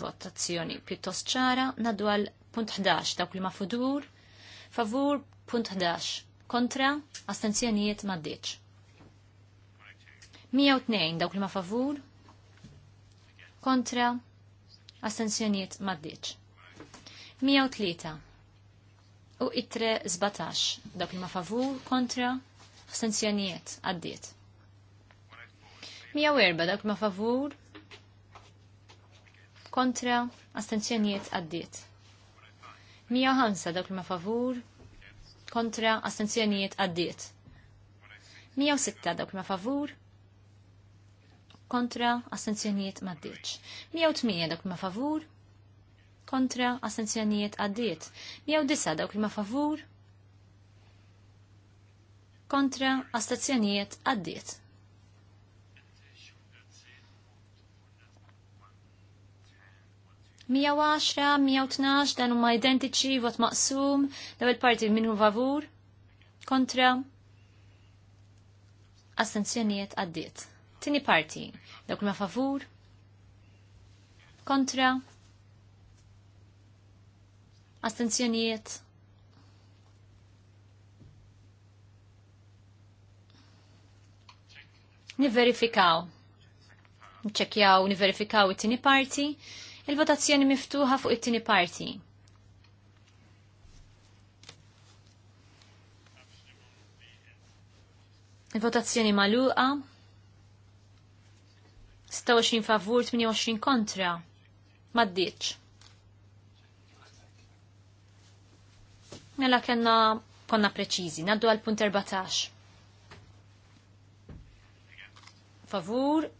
votazzjoni pjuttost ċara, naddu għal punt 11 dawk li ma fudur, favur punt 11, kontra astenzjonijiet ma ddiċ. 102 dawk li ma favur, kontra astenzjonijiet ma ddiċ. 103 u itre 17 dawk li ma favur, kontra astenzjonijiet għaddiet. 104 dawk li ma favur, kontra astenzjonijiet għaddiet. Mija ħansa dawk li ma favur kontra astenzjonijiet għaddiet. sitta dawk li ma favur kontra astenzjonijiet maddiċ. tmija dawk li ma favur kontra astenzjonijiet għaddiet. disa dawk li ma favur kontra astenzjonijiet għaddiet. 110, 112 dan huma identiċi, vot maqsum, daw il parti minnu favur, kontra, astenzjonijiet għaddiet. Tini parti, dawk ma favur, kontra, astenzjonijiet. Niverifikaw. Nċekjaw, niverifikaw it-tini parti Il-votazzjoni miftuħa fuq it-tieni parti. Il-votazzjoni maluqa. 26 favur, 28 kontra. Maddiċ. Mela kena konna preċizi, naddu għal punt 14. Favur,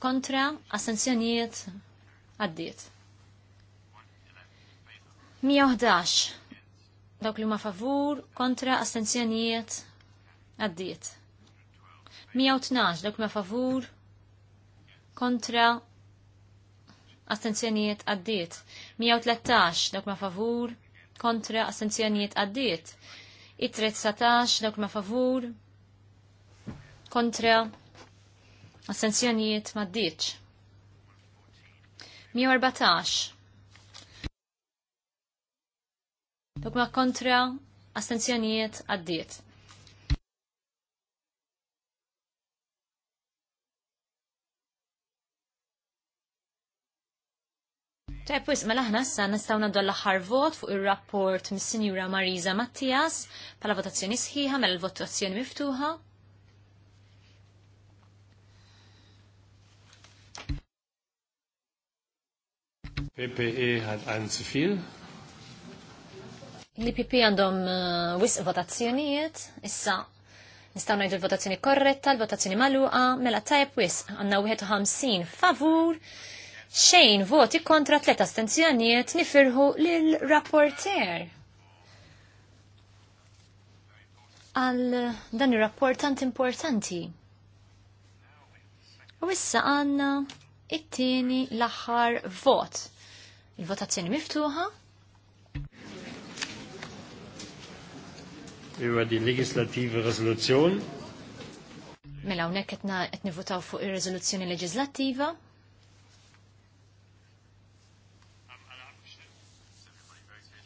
kontra, assenzjonijiet, għaddiet. 111. Dawk li ma favur, kontra, astenzjonijiet, għaddiet. 112. Dawk li ma' favur, kontra, astenzjonijiet, għaddiet. 113. Dawk ma favur, kontra, astenzjonijiet, għaddiet. I-13. Dawk ma favur, kontra, astenzjonijiet, maddiċ. 114 Dok ma kontra astenzjonijiet għaddiet. Tajb, wis, mela ħna issa nistgħu nagħdu l-aħħar vot fuq ir-rapport mis-Sinjura Marisa Mattias bħala votazzjoni sħiħa mela l-votazzjoni miftuħa. PPE hat einen zu viel l-IPP għandhom eh, wisq votazzjonijiet, issa nistaw najdu l-votazzjoni korretta, l-votazzjoni maluqa, mela tajb wisq għanna 51 favur, xejn voti kontra tlet astenzjonijiet nifirħu lil-rapporter. Għal dan il-rapportant importanti. U issa għanna it-tieni l-aħħar vot. Il-votazzjoni miftuħa, über die legislative Resolution. Mela hawnhekk qed nivutaw fuq ir-riżoluzzjoni leġislattiva.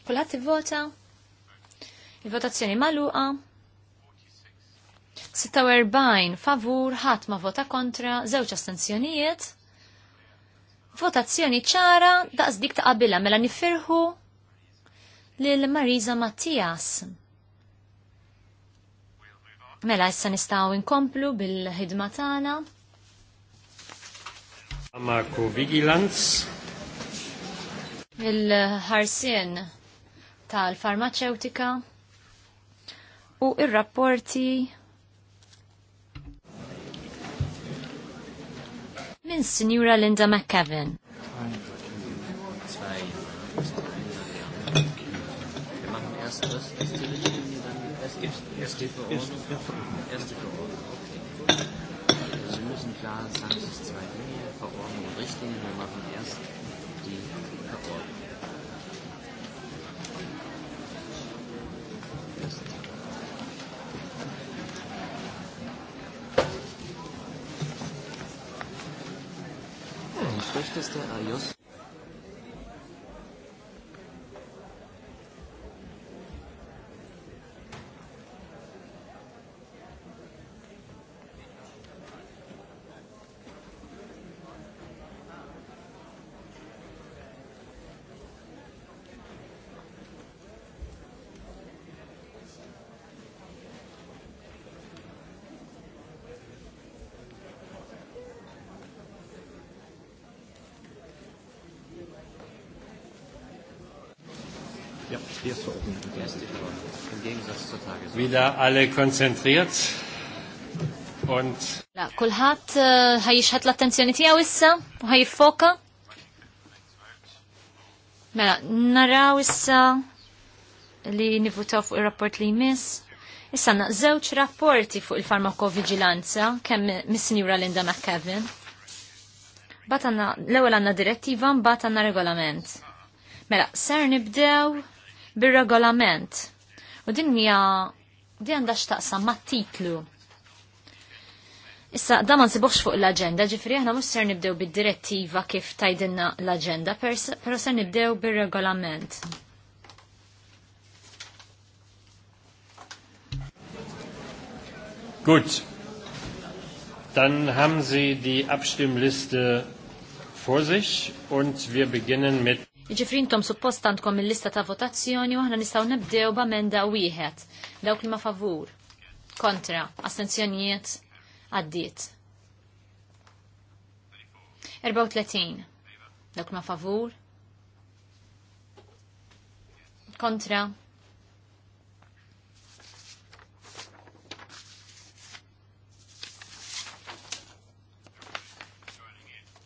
Kulati vota. Il-votazzjoni magħluqa. 46 favur, ħadd ma vota kontra, żewġ stanzjonijiet? Votazzjoni ċara daqs dik ta' qabila mela nifirħu lil Marisa Mattias. Mela, issa nistaw inkomplu bil-ħidma tagħna. Marco Vigilance. Il-ħarsien tal-farmaceutika u il rapporti minn Sinjura Linda McKevin. Zwei. Wir Sie müssen klar sagen, es ist zwei Dinge, Verordnung und Richtlinie. Wir machen erst die Verordnung. Schlechteste Ayos. Wieder alle konzentriert und La, kulħadd eh, ħajjixħat l-attenzjoni tiegħu issa u ħajjiffoka. Mela, naraw issa li nivutaw fuq ir-rapport li jmiss. Issa għandna żewġ rapporti fuq il-farmakovigilanza kemm mis-Sinjura Linda McKevin. Bat għanna, l-ewel għanna direttiva, bat għanna regolament. Mela, ser nibdew bir-regolament. U din hija din għandha x'taqsam mat-titlu. Issa, da ma nsibuħx fuq l-agenda, ġifri aħna mux ser nibdew bid-direttiva kif tajdinna l-agenda, pero ser nibdew bil-regolament. Gut, dann haben Sie die Abstimmliste vor sich und wir beginnen mit... Iġifrin tom suppost għandkom il-lista ta' votazzjoni u aħna nistgħu menda b'amenda wieħed. Dawk li ma favur. Kontra. Astenzjonijiet għaddiet. 34. Dawk ma favur. Kontra.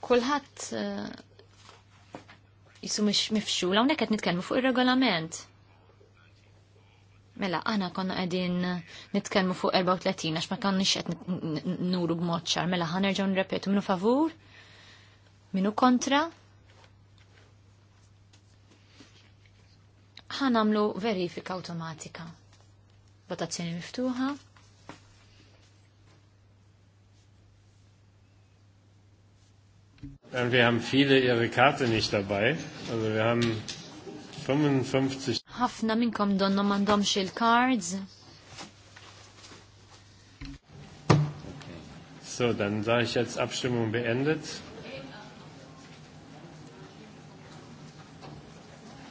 Kulħadd eh, jisu mux mifxu, la unek nitkelmu fuq il-regolament. Mela, għana konna għedin nitkelmu fuq 34, għax ma konna qed nuru b'moċċar. Mela, ħanerġaw nirrepetu minu favur, minu kontra. ħanamlu verifika automatika. Votazzjoni miftuħa. Und äh, Wir haben viele ihre Karte nicht dabei. Also wir haben 55. Ħafna minnkom donna mandomx il-cards. So, dann sage ich jetzt Abstimmung beendet.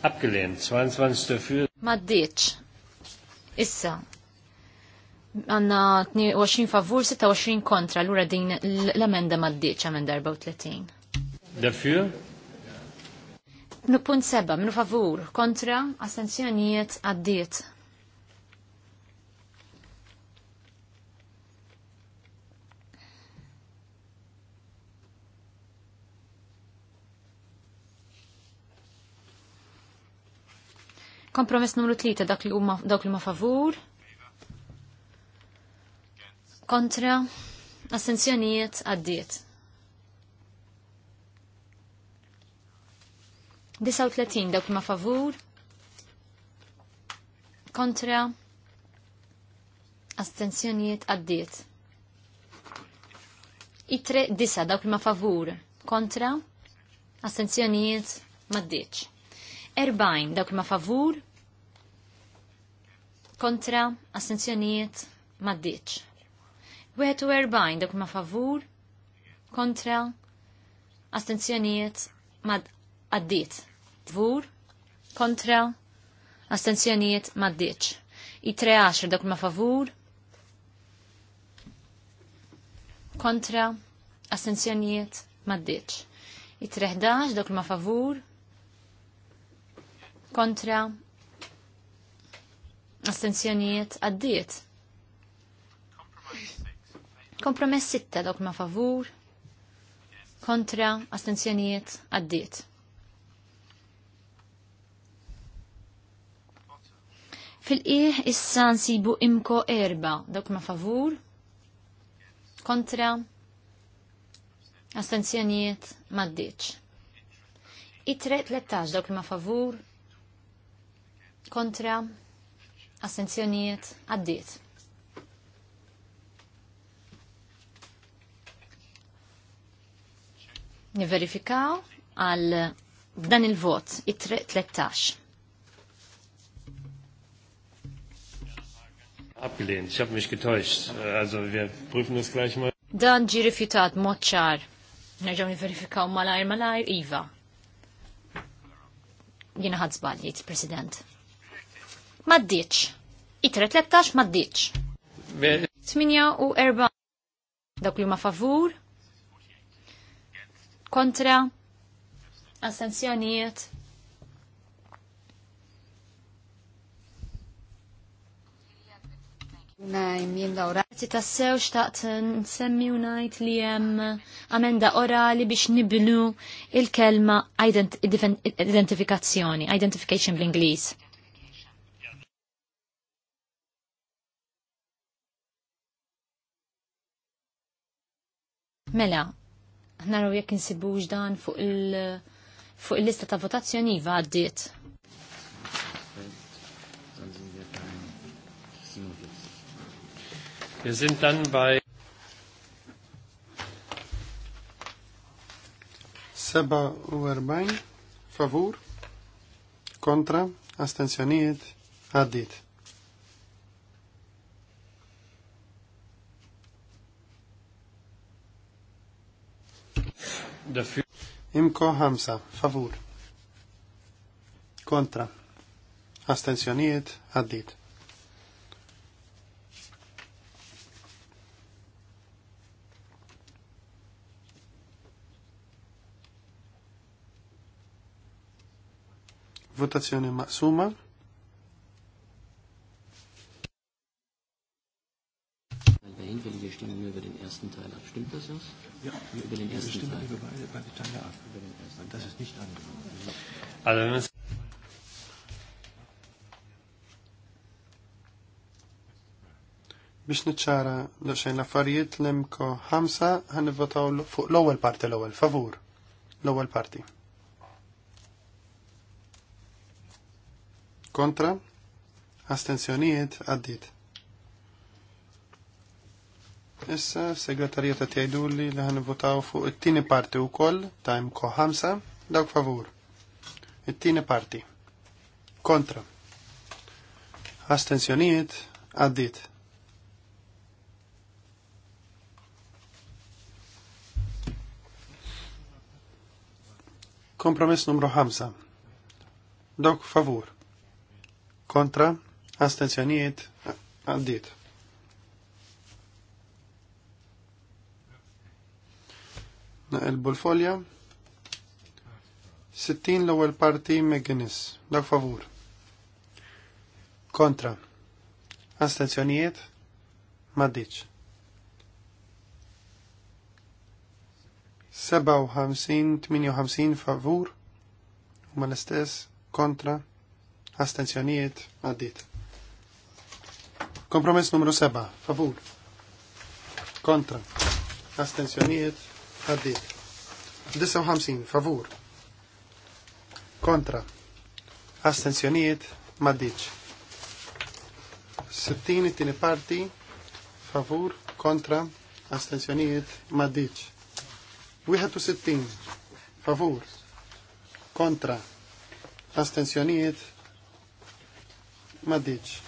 Abgelehnt. 22 dafür. Maddiċ. Issa. Għanna 22 favur, 26 kontra. L-ura din l-amenda maddiċ, amenda 34. Dafür? Nupunt seba, minu favur, kontra, astenzjonijiet addiet. Kompromess numru 3 dak li huma dak li ma favur. Kontra astenzjonijiet addiet. 39 dawk ma favur kontra astenzjonijiet għaddiet. Itre disa dawk ma favur kontra astenzjonijiet maddiċ. 40 dawk ma favur kontra astenzjonijiet maddiċ. 41 dawk ma favur, kontra, astenzjonijiet, maddiċ. Dvur, kontra, astenzjonijiet maddiċ. I-13 dak ma favur, kontra, astenzjonijiet maddiċ. I-13 dak ma favur, kontra, astenzjonijiet għaddiet. Kompromess sitta dok ma favur, kontra astenzjonijiet għaddiet. Fil-qieħ issa nsibu imko erba, dok ma favur, kontra, astenzjonijiet maddiċ. Itre 13 dok ma favur, kontra, astenzjonijiet għaddiet. Niverifikaw għal dan il-vot, it tlettax. Abgelehnt, ich habe mich getäuscht. Äh, also wir prüfen das gleich mal. Dan ġi rifiutat mod ċar. niverifikaw malajr malajr iva. Jiena ħadd żbaljit, President. Maddiċ. Itre 13 maddiċ. 8 u 4 dawk li ma favur kontra assenzjonijiet Najm, jim dawra. Ti tassew xtaqt nsemmi unajt li jem amenda orali biex nibnu il-kelma identifikazzjoni, identification bl-Inglis. Mela, naraw jekk insibux dan fuq il-lista ta' votazzjoni għaddiet. Wir sind dann bei Seba u erbajn, favur, kontra, astensjonijiet, għaddit. Dafür. Imko ħamsa, favur. contra astensioniet għaddit. votazzjoni maqsuma. Dahin will wir stimmen über den ersten Teil ab. Stimmt das jetzt? Ja, wir über den ersten stimmen Teil. über beide, beide Teile ab. Über den ersten. Das ist nicht angenommen. Also biex nitċara daċxajn l l-imko ħamsa għan nivvotaw fuq l-ewwel parti l-ewwel favur l-ewwel parti. kontra, astenzjonijiet għaddit. Issa, segretarjeta ta' li li ħan votaw fuq it-tini parti u koll, ta' imko ħamsa, dawk favur. It-tini parti. Kontra. Astenzjonijiet għaddit. Kompromess numru 5. Dok favur kontra, astenzjonijiet għaddit. Naqelbu l-folja. 60 l-ewwel parti McGuinness, dak favur. Kontra. Astenzjonijiet Maddiċ. 57-58 favur huma l-istess kontra astenzjonijiet għaddit. Kompromess numru 7, favur. Kontra. Astenzjonijiet għaddit. 59, favur. Kontra. Astenzjonijiet maddiċ. 60 it tini parti favur kontra astenzjonijiet maddiċ. 61 favur kontra astenzjonijiet ma diċ.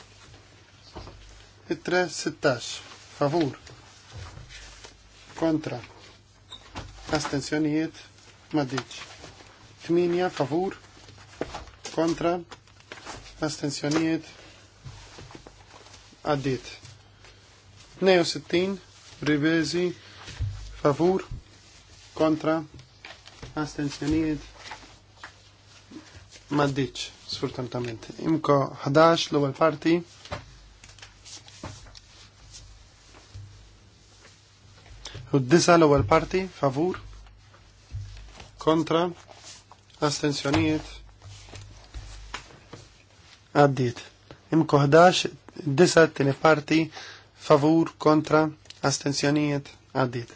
it sittax. favur kontra Astenzjonijiet, ma diċ. Tminja, favur kontra astensjonijiet għaddit. 62 rivezi favur kontra astensjonijiet ma diċ sfortunatament. Imko 11 l-ewwel parti. U d-disa l-ewwel parti favur kontra astensjonijiet għaddiet. Imko 11, disa t-tini parti, favur, kontra, astensjonijiet, għaddiet.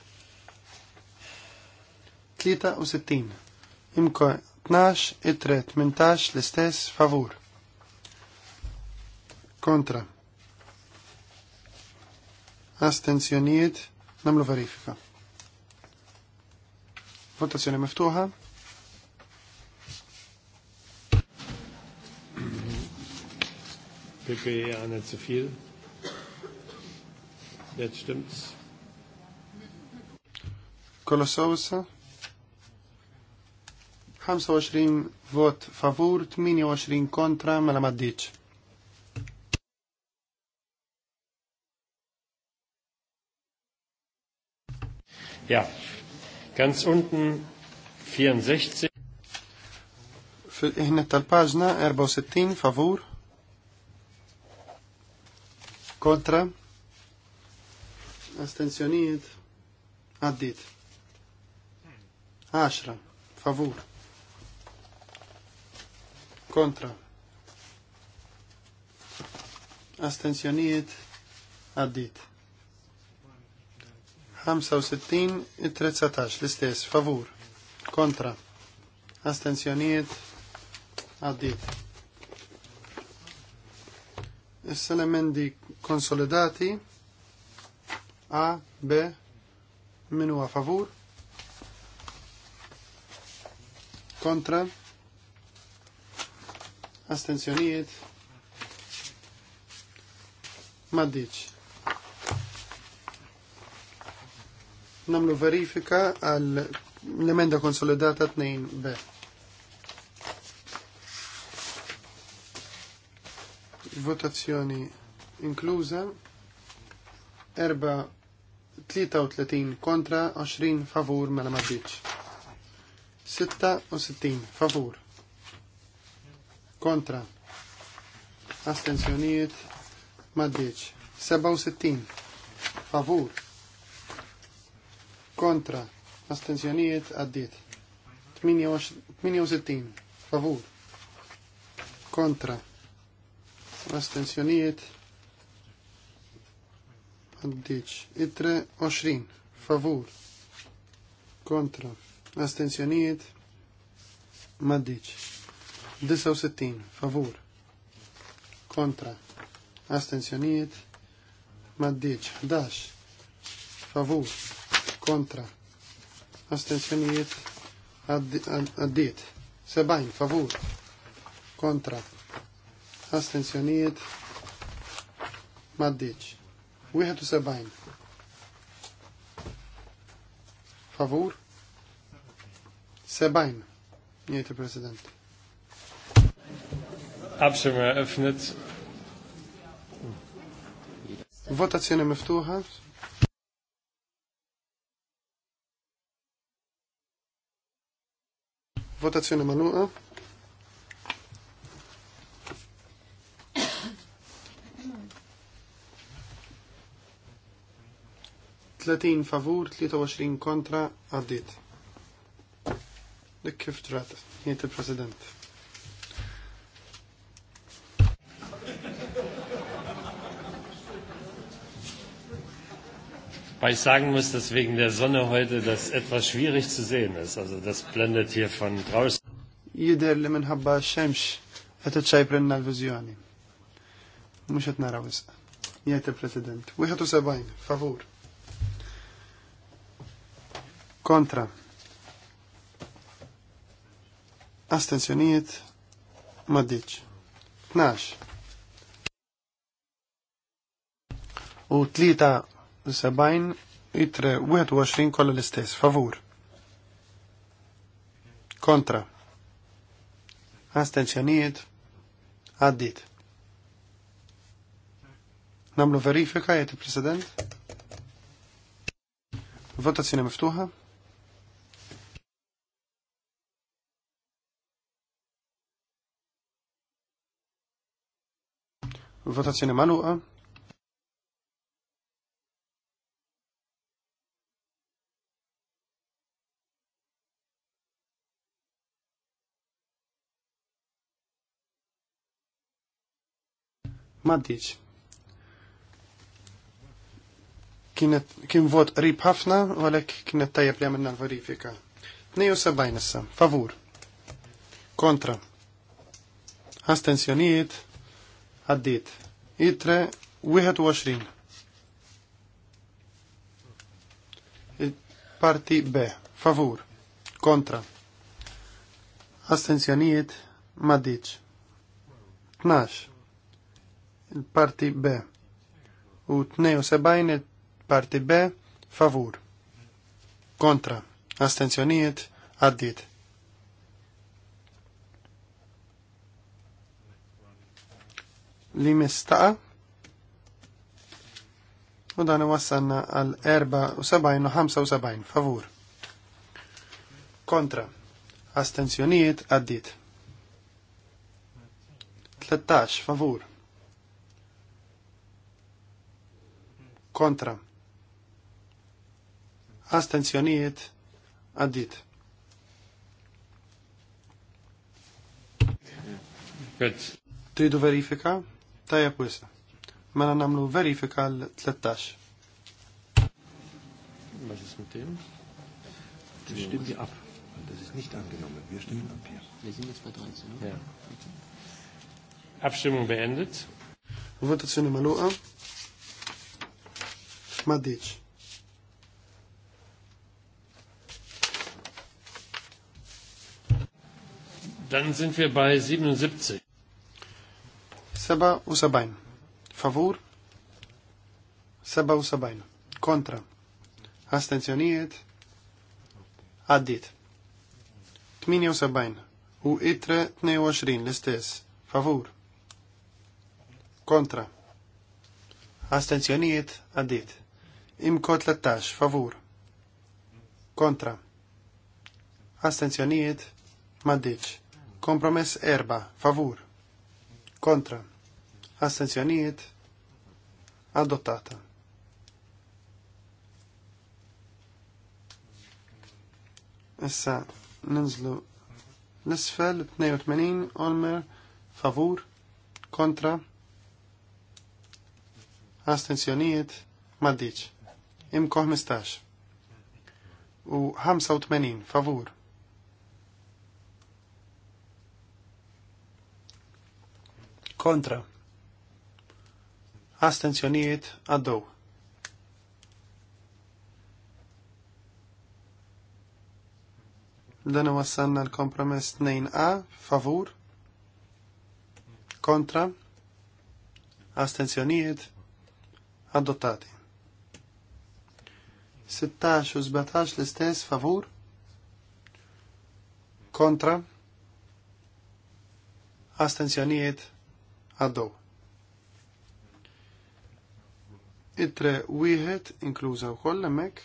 63. Imko 12, itre 18 l-istess favur. Kontra. Astenzjonijiet namlu verifika. Votazzjoni miftuħa. Pippi e għanet zufil. Jetzt stimmt's. Kolossosa. 25 vot favur, 28 kontra, mela maddiċ. Ja, ganz unten 64. Fil-ħnet tal-paġna 64 favur, kontra, astenzjonijiet, għaddit. 10 favur kontra astenzjonijiet għaddit 65 13 l-istess favur kontra astenzjonijiet għaddit Issa l konsolidati A, B minu a favur kontra astenzjonijiet, maddiċ. Namlu verifika għal l-emenda konsolidata 2b. Votazzjoni inklusa. 33 kontra 20 favur mela maddiċ. 66 favur kontra astenzjoniet maddiċ 67 favur kontra astenzjoniet għaddiet 68 favur kontra astenzjoniet għaddiċ itre 20 favur kontra astenzjoniet maddiċ 69 favur kontra Astenzjoniet. maddiċ 11 favur kontra Astenzjoniet. għaddiet 70 favur kontra Astenzjoniet. maddiċ 71 favur 70 jgħid il Abstimmung uh, eröffnet. Votazione miftuħa. Votazione maluqa. Tletin favur, 23 kontra, għaddit. Dik kif trat, jiet il-President. Weil ich sagen muss, dass wegen der Sonne heute das etwas schwierig zu sehen ist. Also das blendet hier von draußen. Jeder, Jider li minħabba xemx qed iċċajprenna l-viżjoni. Mhux qed naraw issa. Jgħid Präsident. Wo hat u sebgħin, Favor. Kontra. Astensioniert. Madic. Knasch. 12. U tlieta 71 itre 21 kolla l-istess. Favur. Kontra. Astenzjoniet. Għaddit. Namlu verifika jgħet il-President. Votazzjoni miftuħa. Votazzjoni maluqa. maddiċ. Kienet, kien vot qrib ħafna, għalek għalhekk kienet tajjeb li għamilna l-verifika. 72 issa, favur. Kontra. Astensjonijiet, għaddit. Itre, 21. Parti B, favur. Kontra. Astensjonijiet, maddiċ. 12 il-parti B u 72 il-parti B favur. Kontra. Astenzjonijiet addit. Li mistaqa u dan wassanna għal 74 u 75 favur. Kontra. Astenzjonijiet għaddit 13 favur kontra astenzjonijiet għaddit. Tridu verifika? Tajja pwisa. Mela namlu verifika l-13. Was ist mit dem? stimmen ab. Das ist nicht angenommen. Wir stimmen ab hier. Wir sind jetzt bei 13, Ja. Abstimmung beendet. Votazione maluqa għalhekk m'għaddiċ. Dann sind wir bei 77. 77. Favur. Usabain Kontra. Astenzjonijiet. Għaddit. 78. U itre 22 l-istess. Favur. Kontra. Astenzjonijiet. Għaddit. Imko 13, favur. Kontra. Astenzjonijiet, maddiċ. Kompromess erba, favur. Kontra. Astenzjonijiet, adottata. Issa, ninżlu l-isfel 82 Olmer favur kontra astenzjonijiet maddiċ imko 15 u 85 favur. Kontra. Astenzjonijiet għaddow. Dan wassanna l-kompromess 2A favur. Kontra. Astenzjonijiet adottati. 16 u 17 l-istess favur kontra astenzjonijiet għaddu. Itre wieħed inkluża wkoll hemmhekk,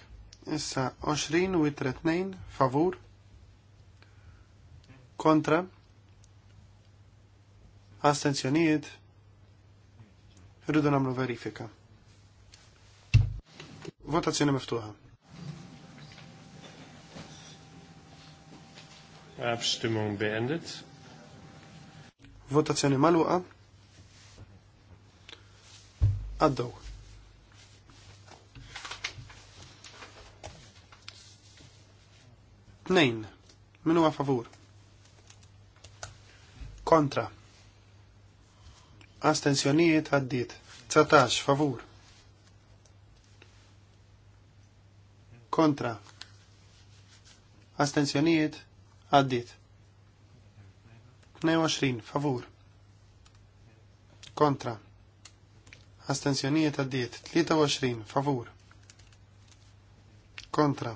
issa 20 u itre tnejn favur kontra astenzjonijiet irridu namlu verifika. Votazzjoni miftuħa. Abstimmung beendet. Votazzjoni maluqa. Addow. Nejn. Minu a favur. Kontra. Astensjonijiet għaddit. 19 favur. kontra astenzjonijiet għaddit 22 favur kontra astenzjonijiet għaddit 23 favur kontra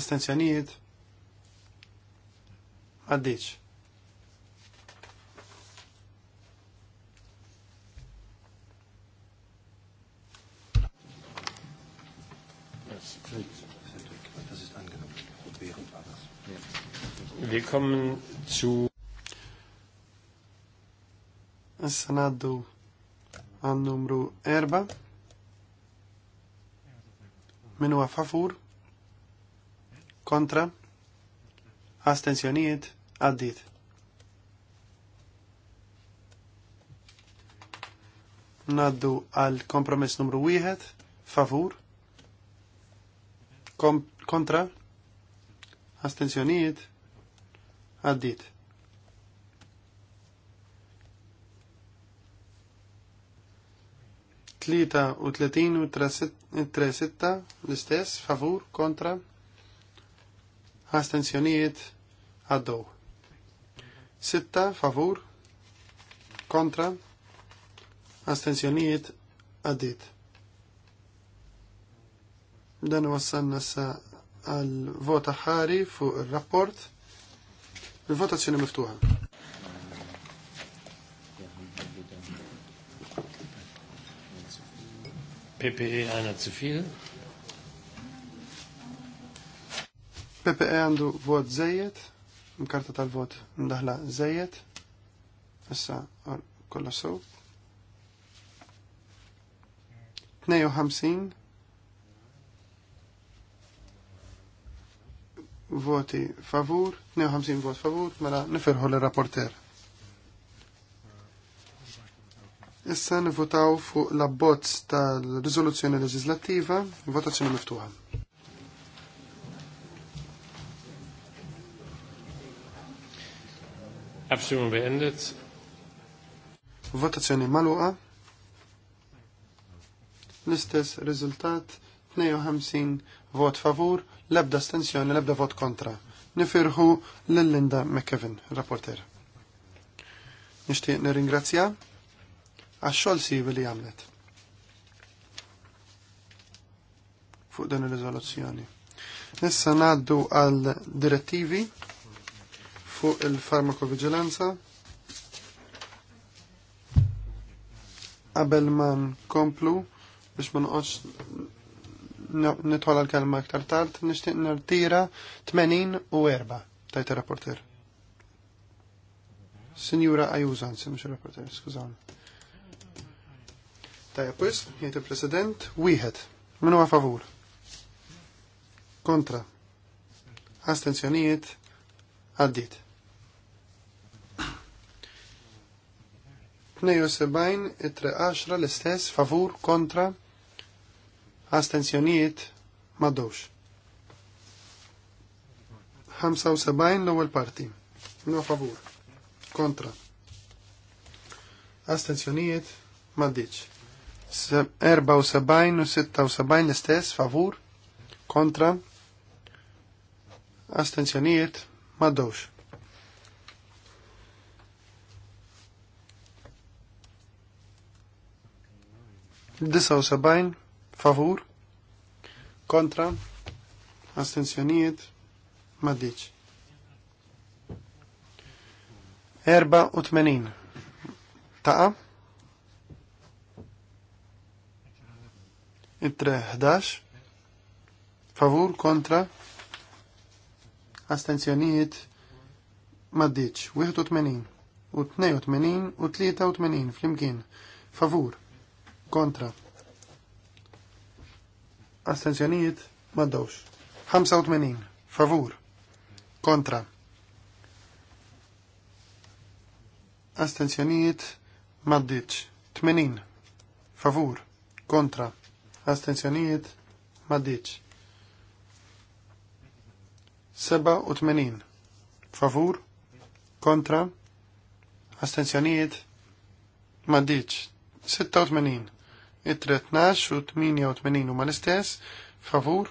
astenzjonijiet għaddit Willkommen zu... Issa naddu għan numru 4. Minu għafafur. Kontra. Astenzjonijiet. Addit. Naddu għal kompromess numru 1. Favur. Kom kontra. Astenzjonijiet Għaddit. Tlita u tletin u tresitta l-istess, favur, kontra, astensjonijiet, għaddu. Sitta, favur, kontra, astensjonijiet, għaddit. Dan wassanna sa għal vota ħari fuq il-rapport Il-votazzjoni miftuħa. PPE għana zufil. PPE għandu vot zejet, mkarta tal-vot ndaħla zejet, issa kolla sow. 52 voti favur, 52 vot favur, mela nifirħu l-rapporter. Issa nivotaw fuq l-abbozz tal-rizoluzzjoni leġislattiva, votazzjoni miftuħa. Abstimmung beendet. Votazzjoni maluqa. L-istess riżultat 52 vot favur, l-ebda stensjoni, l-ebda vot kontra. Nifirħu l-Linda McKevin, rapporter. Nishtiq nirringrazzja għax-xogħol sivi li għamlet fuq dan ir-riżoluzzjoni. Issa ngħaddu għal direttivi fuq il-farmakovigilanza. Qabel ma nkomplu biex ma nitħol għal-kelma aktar tard, nishtiq nirtira 80 u 4 tajt rapporter. Sinjura Ajuzan, nsi mux rapporter, skużan. Tajja pwis, jgħid il-President, wieħed. Minu a favur. Kontra. Astenzjonijiet. Għaddit. 72 it-13 l-istess favur kontra astenzjonijiet maddowx. 75 l-ewwel parti. No favur. Kontra. Astenzjonijiet maddiċ. 74 u 76 l-istess favur. Kontra. Astenzjonijiet maddowx. Disa u sabajn favur, kontra, astensjoniet, maddiċ. Erba u tmenin. Taqa. Itre ħdax. Favur, kontra, astensjoniet, maddiċ. Wihdu tmenin. U tnej u tmenin u tlieta u tmenin. Flimkien. Favur, kontra astenzjonijiet maddawx. 85 favur kontra astenzjonijiet maddiċ. 80 favur kontra astenzjonijiet maddiċ. 87 favur kontra astenzjonijiet maddiċ. 86 it-13 u 88 huma l-istess, favur,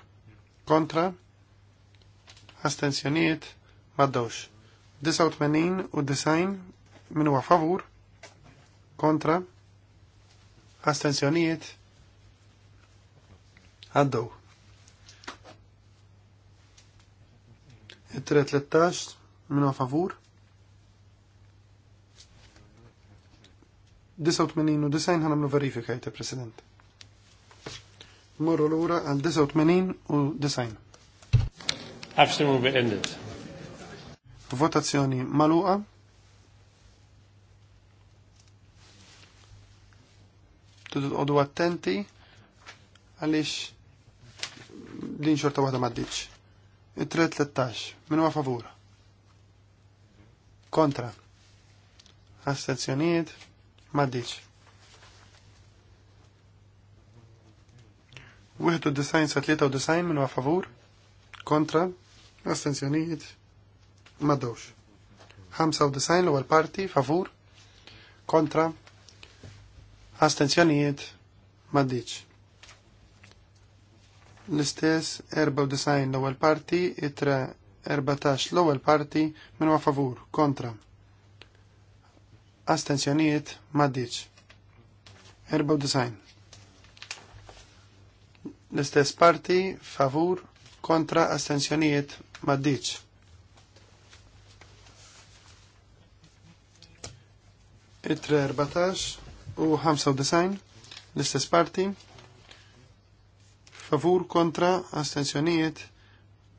kontra, astensjonijiet, maddawx. 89 u 90 min favur, kontra, astensjonijiet, għaddaw. It-13 min favur, 89 u 90 ħanamlu verifika jte president. Morru l-ura għal 89 u 90. will be ended. Votazzjoni maluqa. Tudu attenti għalix din xorta għada maddiċ. 3-13, minu għafavura. Kontra. Astenzjoniet, Maddiċ. 91 sa 93 minu għafavur, kontra, astenzjonijiet, maddawx. 95 l għal parti, favur, kontra, astenzjonijiet, madiċ. L-istess 94 l għal parti, itra 14 l għal parti minu għafavur, kontra, astensjonijiet maddiċ. 94. L-istess parti favur kontra astensjonijiet maddiċ. Itre 14 u 95 l-istess parti favur kontra astensjonijiet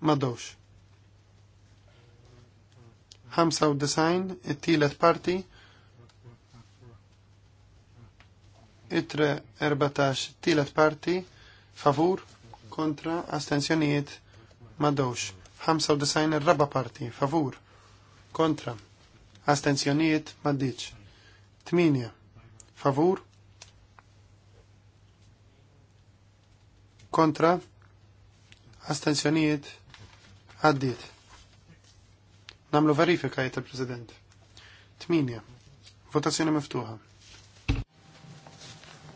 maddox. 95 it-tielet parti itre 14 tielet parti favur kontra astensjonijiet madawx 95 ir-raba parti favur kontra astensjonijiet maddiċ 8 favur kontra astensjonijiet għaddiet namlu verifika jgħid il-President 8 votazzjoni miftuħa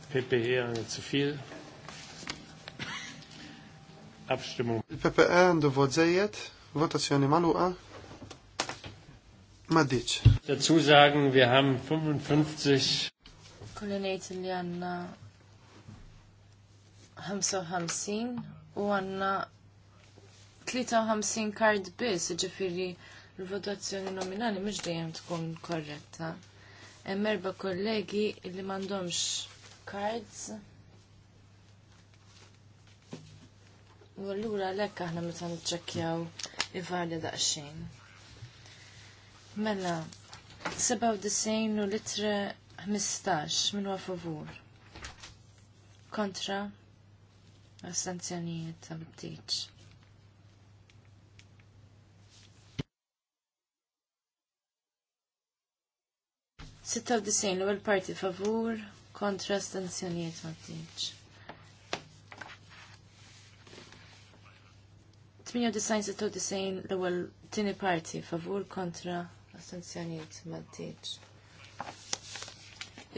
PPE għandu zu viel. Abstimmung. Il-PPE għandu vot zejjed, votazzjoni maluqa. Maddiċ. Dazu sagen, wir haben 55. Kulli nejt li għanna 55 u għanna 53 kard bis, ġifiri l-votazzjoni nominali mħiġ dajem tkun korretta. Emmerba kollegi li mandomx cards. U allura lekk aħna meta niċċekkjaw ivarja daqsxejn. Mela, 97 u litre 15 minn huwa favur. Kontra assenzjonijiet ta' bdiċ Sitta u disajn l parti favur, kontra stanzjoniet ma tiġ. 98-96 l-ewwel tieni parti favur kontra astenzjonijiet ma tiġ.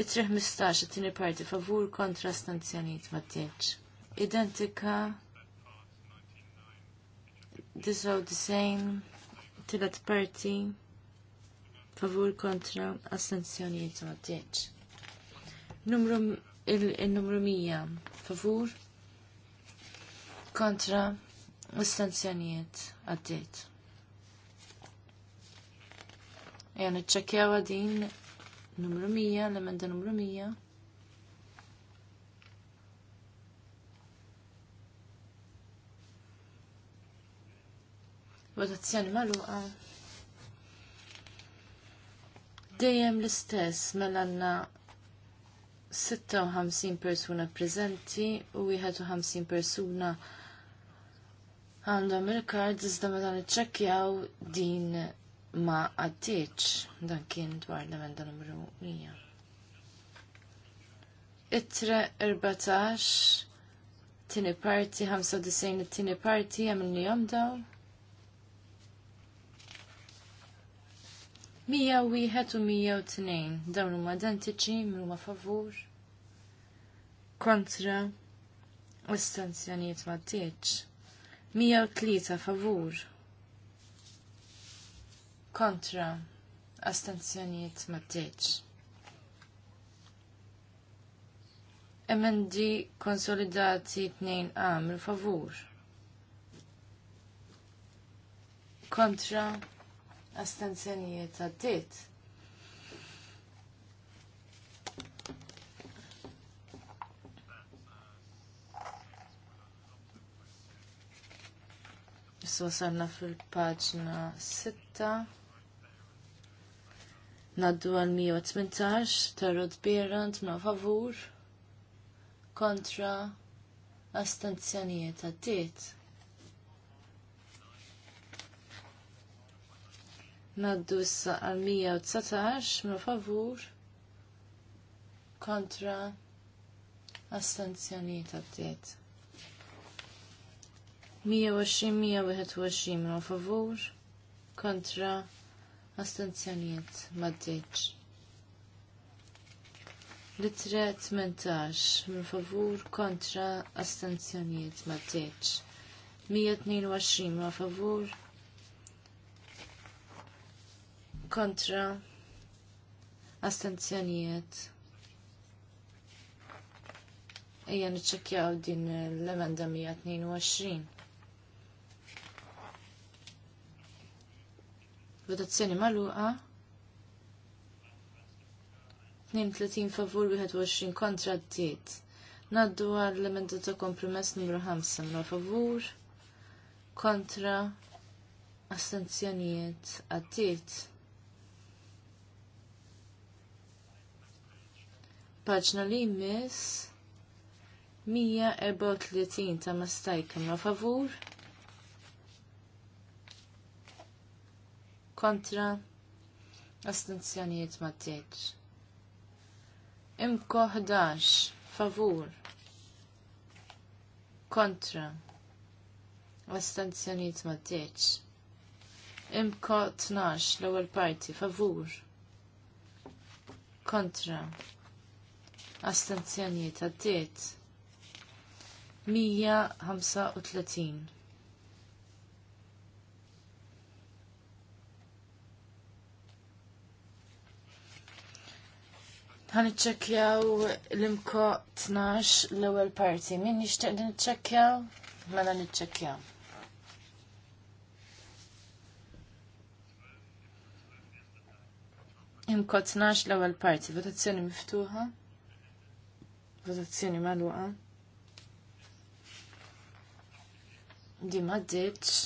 It-315 it-tieni parti favur kontra astenzjonijiet ma tinċ. Identika 99 tilet parti favur kontra astenzjonijiet ma tiġ. Numru il-numru mija, favur kontra istanzjonijiet għaddit. Jan iċċekjaw din numru Mija, l-emenda numru Mija. Votazzjoni maluqa. Dejjem l-istess mela 56 persuna prezenti u 51 persuna għandhom il-kard iżda meta iċċekkjaw din ma għaddiċ dan kien dwar l-emenda numru 100. Ittre 14 tini parti, 95 tini parti, għamilni jom daw. Mija wieħed u mija u tnejn dawn huma identiċi minn huma favur kontra u stanzjonijiet ma tieċ. Mija u tlieta favur kontra astanzjonijiet ma tieċ. emendi konsolidati a għam, favur. Kontra astenzjonijiet għaddit. Issa wasalna fil-paġna 6. Naddu għal 118 ta' Rod Berant ma' favur kontra astenzjonijiet għaddit. Naddu issa għal 119 ma' favur kontra astanzjoniet għaddiet. 120-121 ma favur kontra astanzjoniet maddiċ. Litra 18 ma favur kontra astanzjoniet maddiċ. 122 ma' favur kontra astenzjonijiet. Ejja niċċekkjaw din l-emenda 122. Votazzjoni maluqa. 32 favur 21 kontra d-diet. Naddu għal l-emenda ta' kompromess numru 5 Ma favur kontra astenzjonijiet għaddiet. Paġna li jmiss 134 ta' mastajka ma' favur kontra astenzjonijiet ma' teċ. Imko 11 favur kontra astenzjonijiet ma' teċ. Imko 12 l-ewwel parti favur kontra astenzjonijiet għaddiet. 135. Għan iċċekjaw l-imko 12 l-ewel parti. Min nixtieq li niċċekjaw? Mela niċċekjaw. Imko 12 l-ewel parti. Votazzjoni miftuħa? votazzjoni maluqa. Di maddit. ddiċ.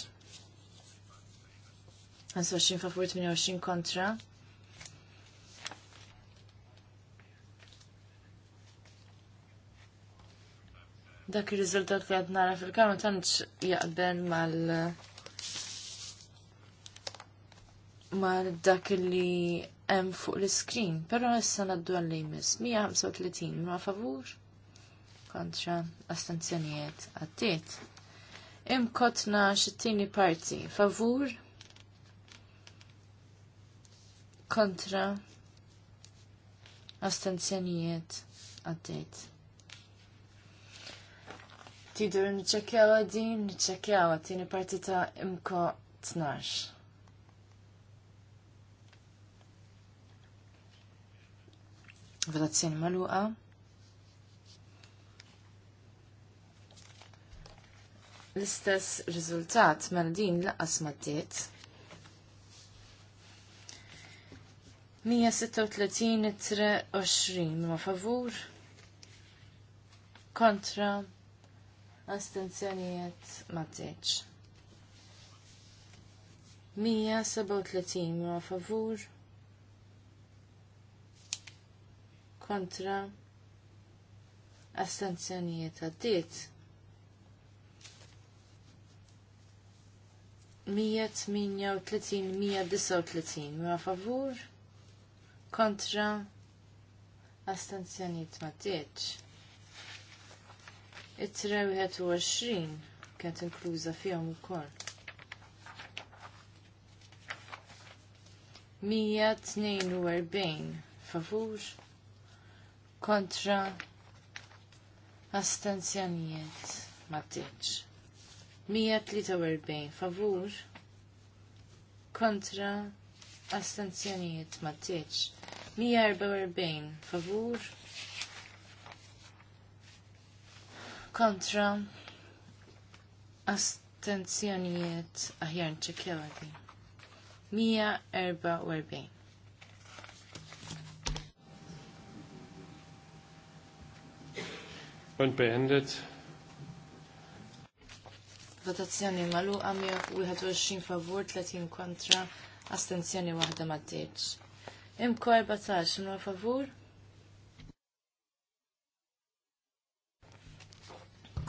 25 favur 28 kontra. Dak il riżultat li għad nara fil-kamra tantx jaqbel mal Mal dak li hemm fuq l-iskrin, però issa naddu għall-lejmis. 135 ma favur kontra astenzjonijiet għaddiet. Imkotna xittini parti favur kontra astenzjonijiet għaddiet. Tidur nċekjawa din, nċekjawa, tini parti ta' imko 12. Votazzjoni maluqa. L-istess riżultat mela din laqas maddiet. 136-23 ma favur kontra astenzjonijiet maddiċ. 137 ma favur kontra astanzjonijiet għaddiet. Mija 139 u ma favur, kontra, astenzjonijiet ma ddiċ. it u għaxrin kienet inkluża fihom ukoll. 142 favur kontra astenzjonijiet matiċ. 143 favur kontra astenzjonijiet matiċ. 144 favur kontra astenzjonijiet aħjar nċekjaw għadi. 144 und beendet. Votazzjoni maluqa 121 favur, 30 kontra, astenzjoni waħda ma d Imko 14, mnu favur?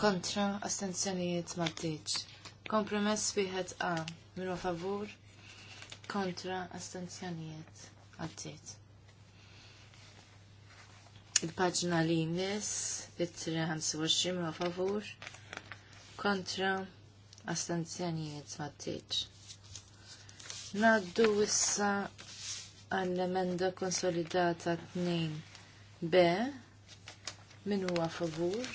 Kontra, astenzjonijiet ma d Kompromess wieħed A, mnu favur? Kontra, astenzjonijiet ma d fil-paġna li jmiss, bit-tira 25 ma favur, kontra astanzjanijiet ma t-tiċ. Naddu issa għall-emenda konsolidata 2b min huwa favur,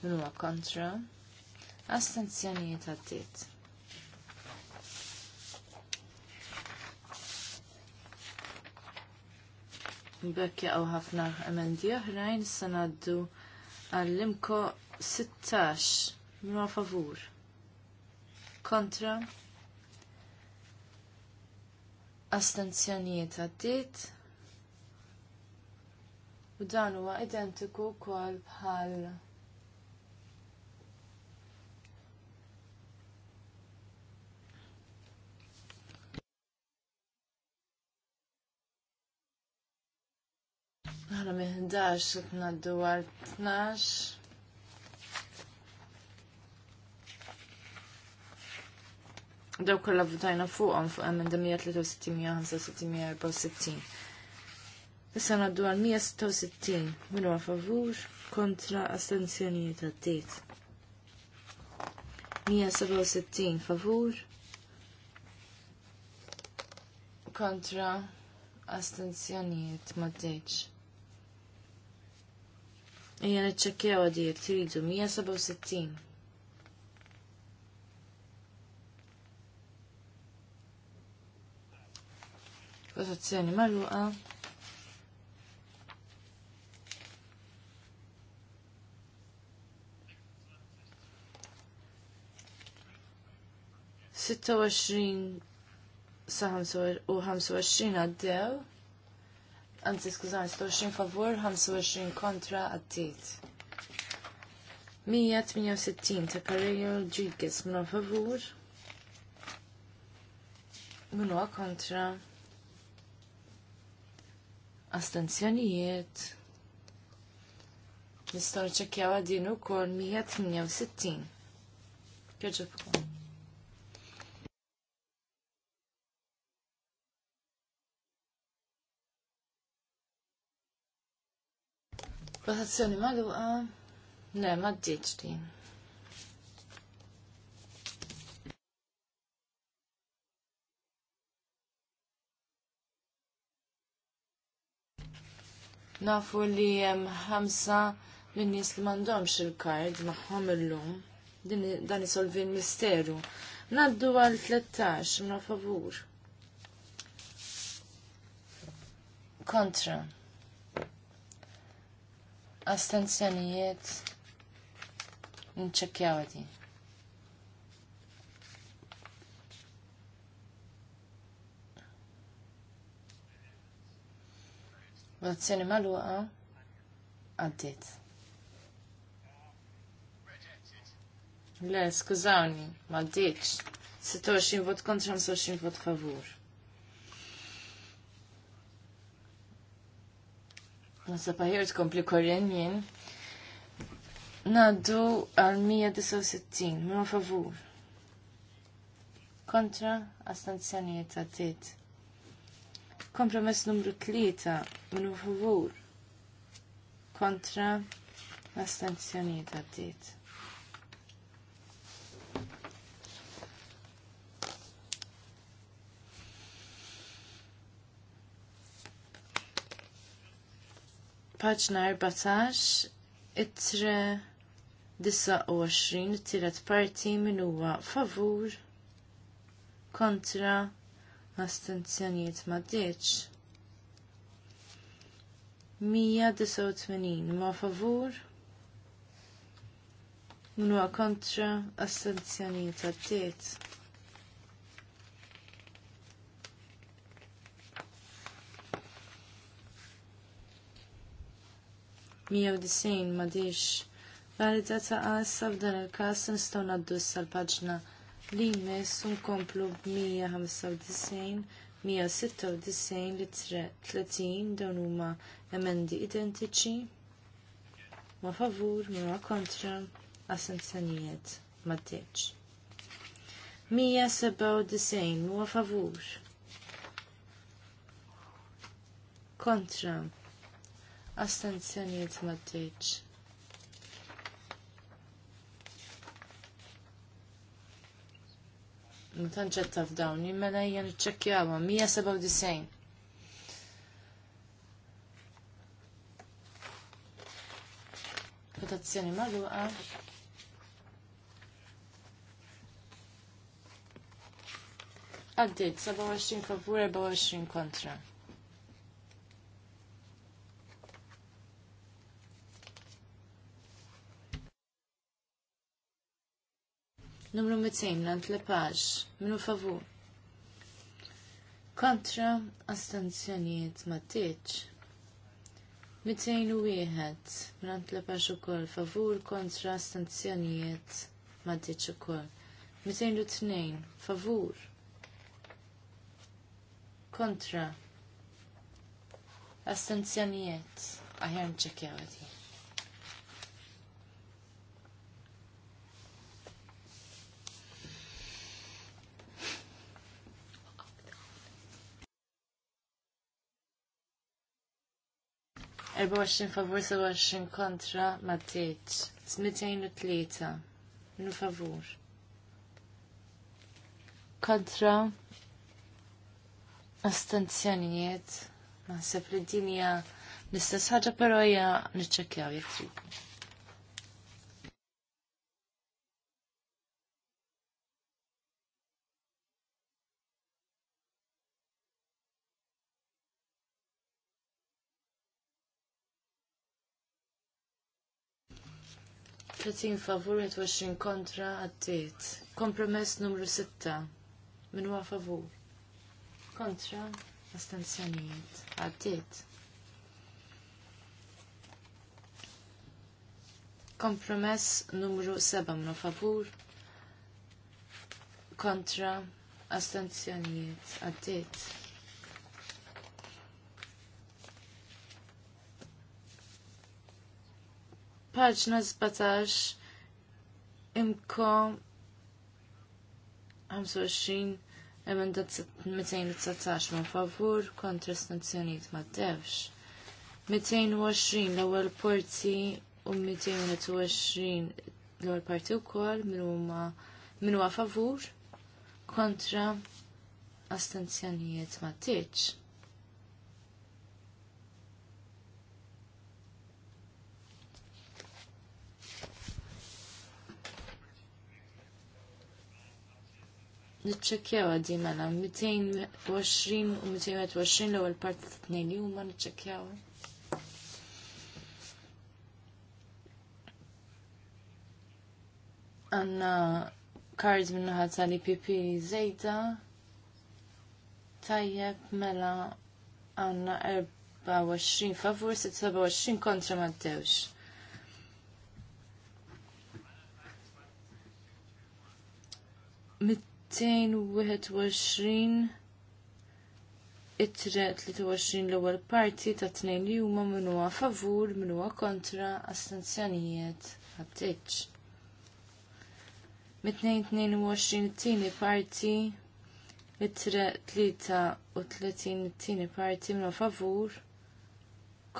min huwa kontra, astanzjanijiet għaddit. Bekk jaqgħu ħafna emendi oħrajn issa ngħaddu għall-imko 16 ma favur. Kontra astenzjonijiet għaddit u dan huwa identiku kwal. bħal Għana minn 11 qed ngħaddu għal 12. Daw kollha votajna fuqhom fuq emenda 163-164. Issa ngħaddu għal 166 minn huwa favur kontra astenzjonijiet għaddiet. 167 favur kontra astenzjonijiet ma' Ija niċċekkjaw għadi jek tridu 167. Votazzjoni marruqa. Sitta u 25 u għaxrin għaddew anzi skużani, 26 favur, 25 kontra għaddit. 168 ta' Karejo Rodriguez minu favor, minu kontra astenzjonijiet. Nistaw ċekjaw għadin kol 168. Kjoġu fuq. Rotazzjoni magħluqa. Le, ma ddiċ din. Nafu li jem ħamsa minn nies li mandomx il-kard maħħom il-lum. Dan isolvi l-misteru. Naddu għal 13 minn favur. Kontra astenzjonijiet nċekjaw għati. Votazzjoni maluqa għaddit. Le, skużawni, ma għaddiċ. 26 vot kontra 26 vot favur. Nasab tkompli korren jien. Naddu għal 169, minu favur. Kontra ta' tit. Kompromess numru 3, minu favur. Kontra ta' tit. paġna 14 it-tre 29 it-tielet parti min huwa favur kontra astenzjonijiet ma' 189 ma' favur min huwa kontra astenzjonijiet għaddiet. 190 ma diex valida ta' għassa f'dan il-kas nistaw naddu sal-pagġna li jmiss unkomplu b-195, 196 li 30 dawn huma emendi identiċi ma favur ma kontra assenzjonijiet ma d-deċ. 197 ma favur kontra astenzjoniet maddiċ. Mutanċetta f'dawn, jimmena jgħan ċekjawa, 197. Votazzjoni maluqa. Għaddit, 27 favur, 24 kontra. Numru 200 lan tlepax, minu favur. Kontra astanzjoniet ma tiċ. 201 lan tlepax u kol, favur kontra astanzjoniet ma tiċ u kol. 202 favur. Kontra astanzjoniet. Aħjar nċekjaw għati. 24 favur 27 kontra ma tiċ. 203 minu favur. Kontra astenzjonijiet. Naħseb li dinja l-istess ħaġa pero ja niċċekkjaw jekk tridu. 30 favur, 21 kontra, għaddit. Kompromess numru 6. Minu għa favur. Kontra, astenzjonijiet, għaddit. Kompromess numru 7 minu favur. Kontra, astenzjonijiet, għaddit. Paġna 17 imko 25 emenda 219 ma' favur kontra stanzjoniet ma' devx. 220 l-ewwel porti u 220 l-ewwel parti wkoll min minu ma huwa favur kontra astenzjonijiet ma' teċ. Nitċekjaw għaddi mela 220 u 220 l-ewwel parti ta' tnejn li huma niċċekkjaw. Għanna kard minnaħa tal-IPP zejda. Tajjeb mela għanna 24 favur, 27 kontra ma maddewx. Mit 221 it-tre 23 l-ewwel parti ta' tnejn li huma min huwa favur min huwa kontra astenzjonijiet ħabtitx. Mit-222 it-tieni parti it-tre 33 it-tieni parti huwa favur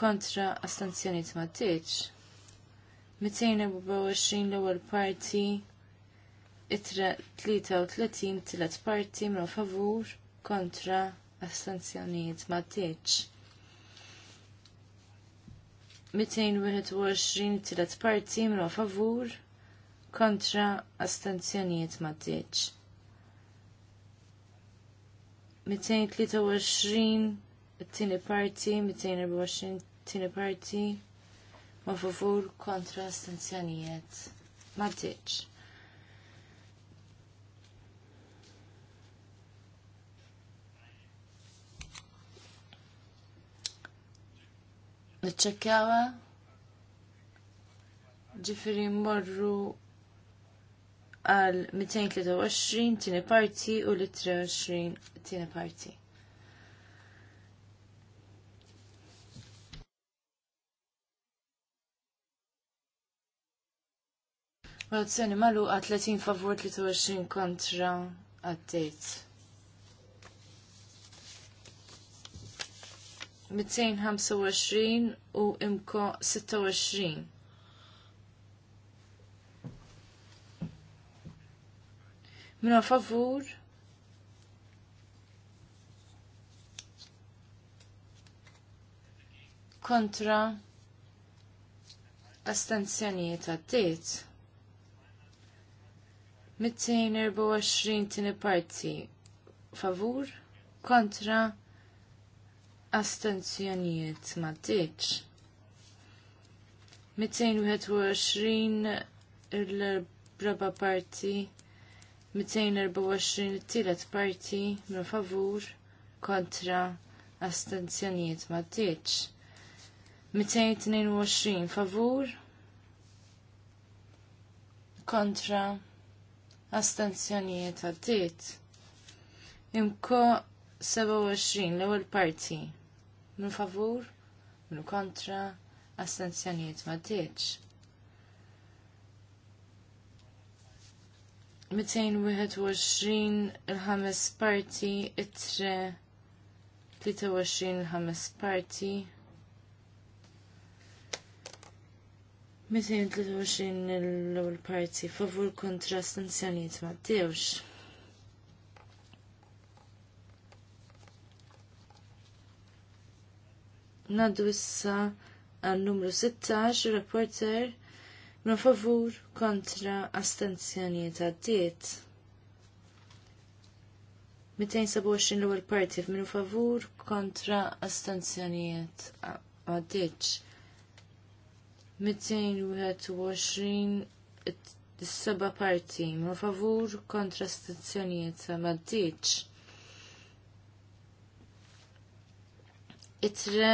kontra astenzjonijiet ma' tgħidx. 224 l-ewwel parti itra 33 tilet parti mra favur kontra astanzjoniet ma teċ. 221 tilet parti mra favur kontra astenzjonijiet ma teċ. 223 it-tieni parti, 224 tini parti ma favur kontra astenzjonijiet ma teċ. Nitċekkjawa. Ġifiri morru għal 223 tieni parti u l 23 tieni parti. Votazzjoni maluqa 30 favor 23 kontra għaddejt. 225 u imko 26. Minu favur kontra astenzjonijiet għaddit. 224 tini parti favur kontra astenzjonijiet ma ddiċ. 221 il-raba parti, 224 il-tielet parti ma favur kontra astenzjonijiet ma ddiċ. 222 favur kontra astenzjonijiet għaddiet. Imko 27 l-ewwel parti minn favur, minn kontra, astenzjoniet ma ddiċ. 221 il-ħames parti, it-tre 23 il-ħames parti, 223 il ewwel parti favur kontra astenzjoniet ma ddewx. Nadu issa għal numru 16, reporter, ma favur kontra ta' għaddiet. 227 l-ewwel parti minu favur kontra astenzjonijiet għaddiet. 221 is-seba parti minu favur kontra astenzjonijiet it Itre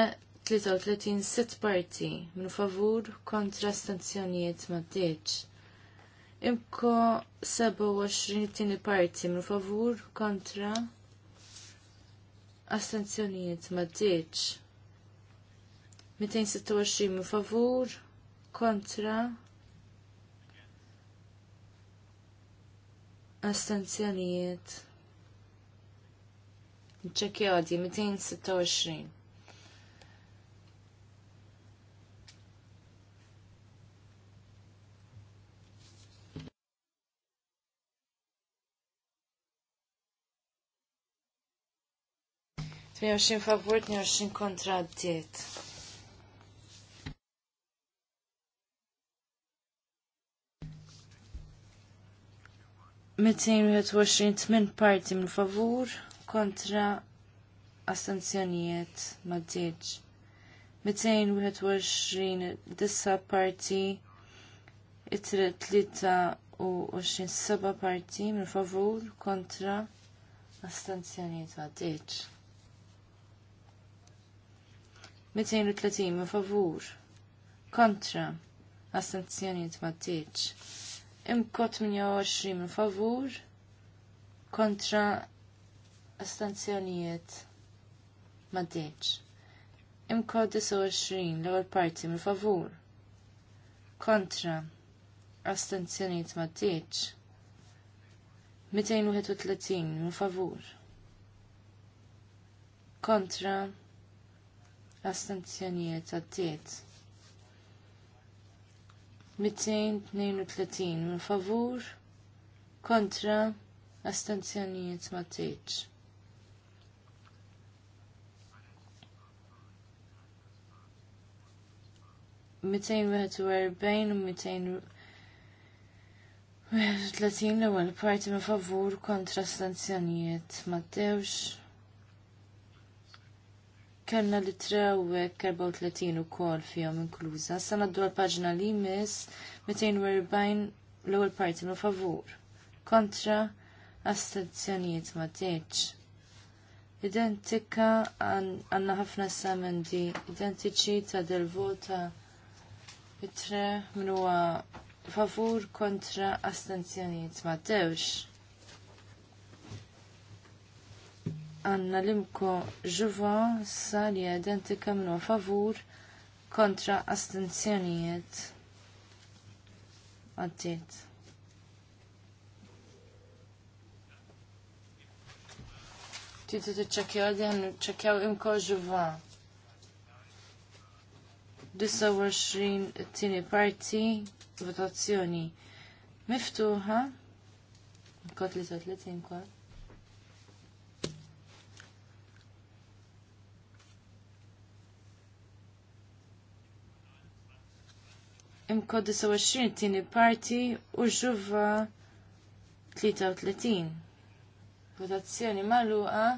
33 sit parti minn favur kontra stanzjonijiet maddiċ. Imko 27 tini parti minn favur kontra astenzjonijiet maddiċ. 226 minn favur kontra Nċekja Ċekjadi 226. 22 favur, 22 kontra għaddiet. Mitzin 28 parti minn favur kontra astenzjonijiet ma d-dieġ. 221 dissa parti it-tlita u seba' parti minn favur kontra astenzjonijiet ma d 230 minn favur kontra astenzjonijiet maddiċ. Imkot 28 minn favur kontra astenzjonijiet maddiċ. Imkot 29 l-ewwel parti minn favur kontra astenzjonijiet maddiċ. 231 minn favur kontra astenzjonijiet għaddiet. 232 minn favur kontra astenzjonijiet ma tiġ. Mitejn wieħed u erbejn u mitejn l-ewwel parti minn favur kontra astenzjonijiet ma tewx kellna li trewek 34 u kol fjom inkluza. Sa naddu għal-pagġna li mis 240 l-ewel parti ma favur. Kontra astazzjoniet ma teċ. Identika għanna ħafna samendi identiċi ta' del-vota it-tre minuwa favur kontra astazzjoniet ma teċ. għanna l-imko ġuva sali identika minu favur kontra astenzjonijiet. Għaddit. Titu t ċakjaw di għannu ċakjaw imko ġuva. 29 t-tini parti votazzjoni miftuħa. Kot li tletin kot. imkod 29 tini parti u ġuva 33. Votazzjoni maluqa.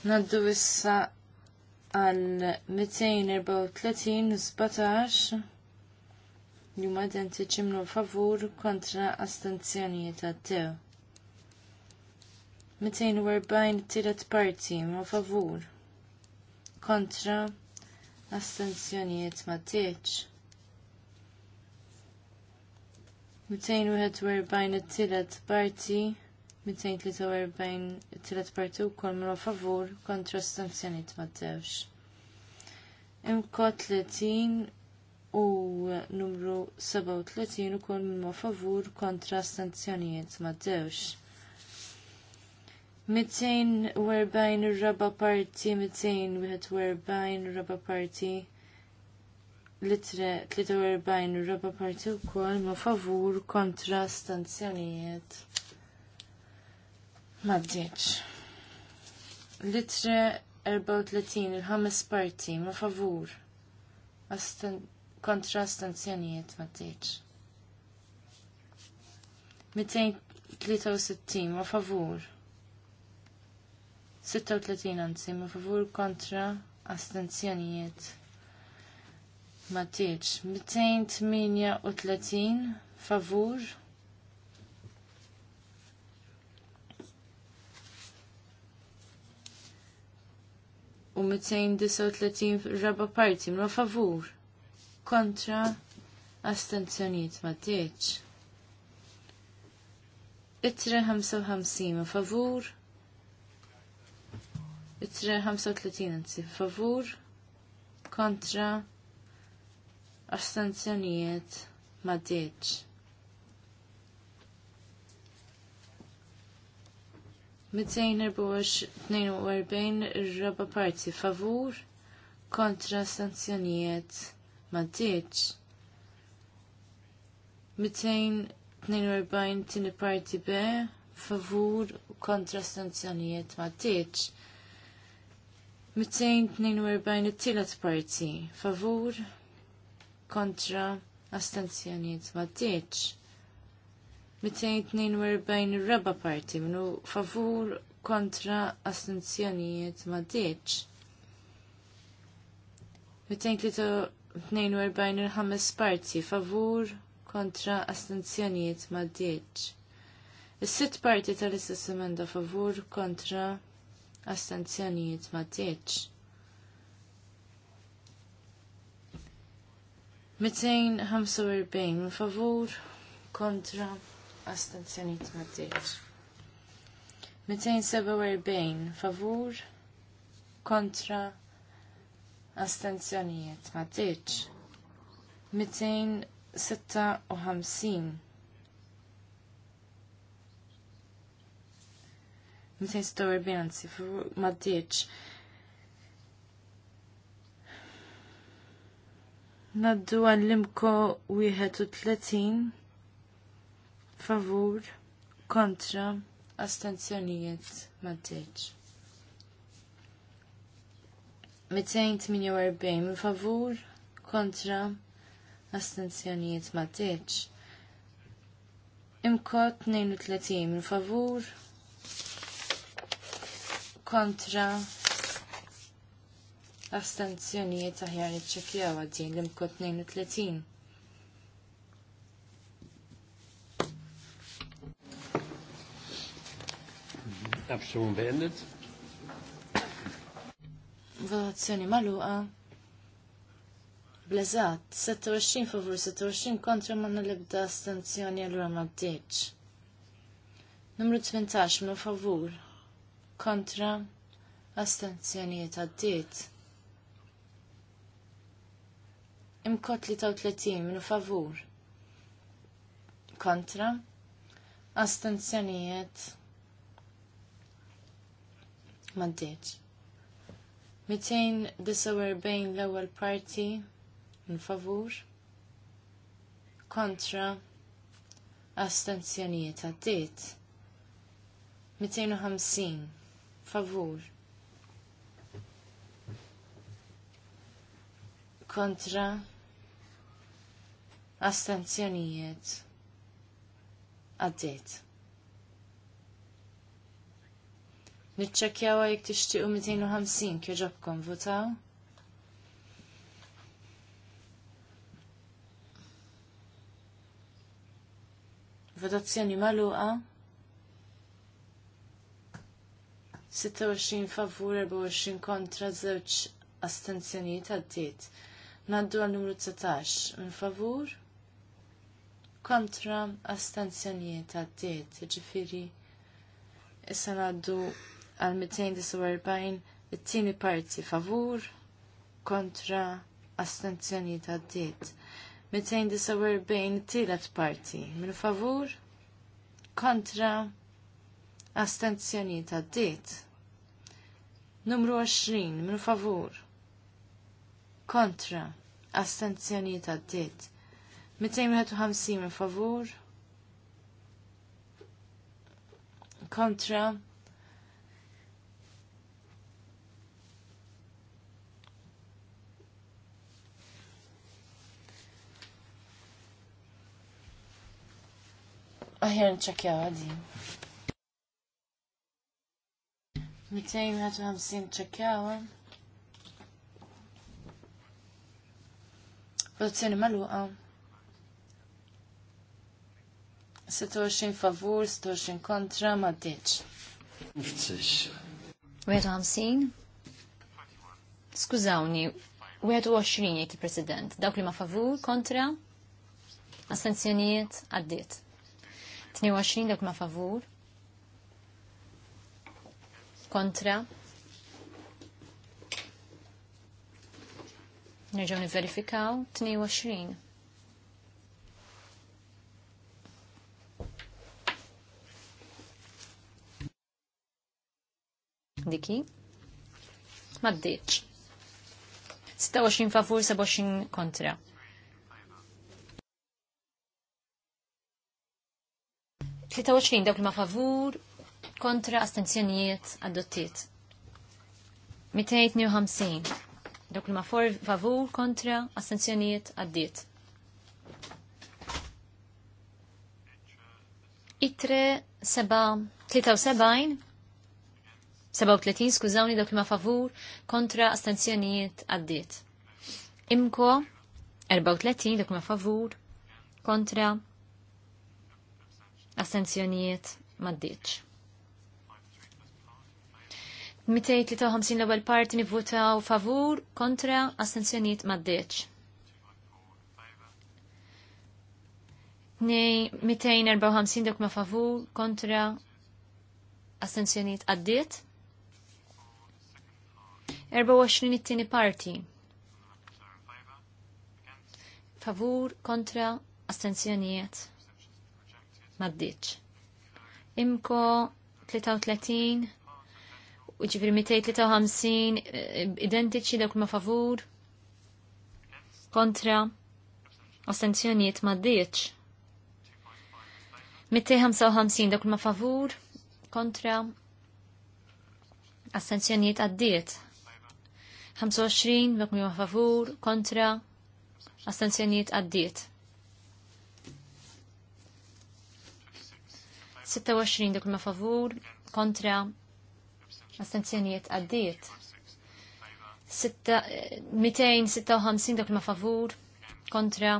Naddu issa għan 234-17 jum għadenti ċimlu favur kontra astenzjonijiet għaddew. 240 tiret parti ma favur kontra astenzjonijiet ma teċ. 241 tiret parti 243 tielet parti wkoll mru favur kontra stanzjoniet ma tewx. Imko 30 u numru 37 ukoll mru favur kontra stanzjoniet ma tewx. 240 raba parti, 241 raba parti, litre 43 raba parti u kol ma favur kontra stanzjonijiet. Maddiċ. Litre 34 il-ħames parti ma favur. Astan, kontra stanzjonijiet maddiċ. 263 ma favur. 36 anzi ma favur kontra astenzjonijiet. Maddiċ. 238 favur u 239 raba parti mra favur kontra astenzjoniet ma deċ. Itre 55 favur Itre 35 anzi favur kontra astenzjoniet ma deċ. 242 ir-raba parti favur kontra sanzjonijiet maddiċ. 242 tini parti B favur kontra sanzjonijiet maddiċ. 242 it tilat parti favur kontra astenzjonijiet maddiċ. 242 ir-raba parti minnu favur kontra astenzjonijiet ma deċ. 242 il-ħames parti favur kontra astenzjonijiet ma deċ. Is-sitt parti tal-istess emenda favur kontra astenzjonijiet ma deċ. 245 favur kontra astenzjoniet ma ddiċ. 247 favur kontra astenzjoniet ma ddiċ. 256 246 anzi favur ma ddiċ. Naddu għallimko 31 favur, kontra, astenzjonijiet maddeċ. 248 minn favur, kontra, astenzjonijiet maddeċ. Imkot 32 minn favur, kontra, astenzjonijiet aħjar iċċekjaw għaddin l-imkot 32. Abstimmung beendet. Votazzjoni maluqa. Blazat, 26 favur, 26 kontra ma nalibda astenzjoni għallura ma d-deċ. Numru 18, minu favur, kontra astenzjonijiet għaddiet. Imkot li taw 30, minu favur, kontra astenzjonijiet Maddiċ. 249 l-ewwel parti favur kontra astenzjonijiet għaddiet. 250 favur kontra astenzjonijiet għaddiet. Niċċekkjaw jekk tixtiequ 250 kif ġobkom votaw. Votazzjoni maluqa. 26 favur 24 kontra żewġ astenzjonijiet għaddiet. Naddu għal numru 19 Un favur kontra astenzjonijiet għaddiet. Ġifieri issa naddu għal 240 it-tieni parti favur kontra astenzjoni ta' d-diet. 240 it-tielet parti minn favur kontra astenzjoni ta' d-diet. Numru 20 minn favur kontra astenzjoni ta' d-diet. 250 minn favur kontra Aħjar nċekjaw għadi. 250 ċekjawa. Votazzjoni maluqa. 26 favur, 26 kontra, ma ddiċ. 50. Skużawni, 21 jgħid il-President. Dawk li ma favur, kontra, astenzjonijiet, għaddiet. 22 dak ma favur. Kontra. Nerġaw niverifikaw 22. Diki. Maddiċ. 26 favur, 27 kontra. 23 dawk li ma favur kontra astenzjonijiet adottiet. 252 dawk li ma favur kontra astenzjonijiet addiet. Itre 73 37 skużawni dawk li ma favur kontra astenzjonijiet addiet. Imko 34 dawk li ma favur kontra d maddiċ. 253 l-ewwel parti nivvutaw favur, kontra, assenzjonijiet d maddeċ. 254 dokma ma favur, kontra, assenzjonijiet għaddiet. 24 it-tieni parti. Favur, kontra, astenzjonijiet maddiċ. Imko 33, u ġifiri 253, eh, identiċi dawk ma favur, kontra, astenzjoniet maddiċ. 255 dawk ma favur, kontra, astenzjoniet għaddiet. 25 dawk ma favur, kontra, astenzjoniet għaddiet. 26 dak ma favur kontra astenzjonijiet għaddiet. 256 dak ma favur kontra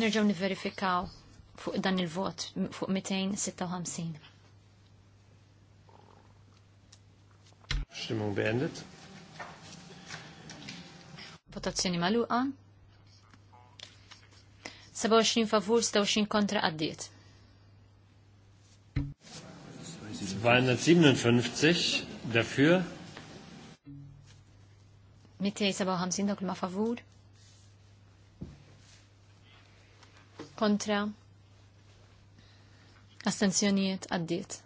nirġaw niverifikaw fuq dan il-vot fuq 256. Stimmung beendet. Votazzjoni maluqa. 27 favur, 26 kontra għaddiet. 257 dafür. 257 dak ma favur. Kontra. Astenzjonijiet għaddiet.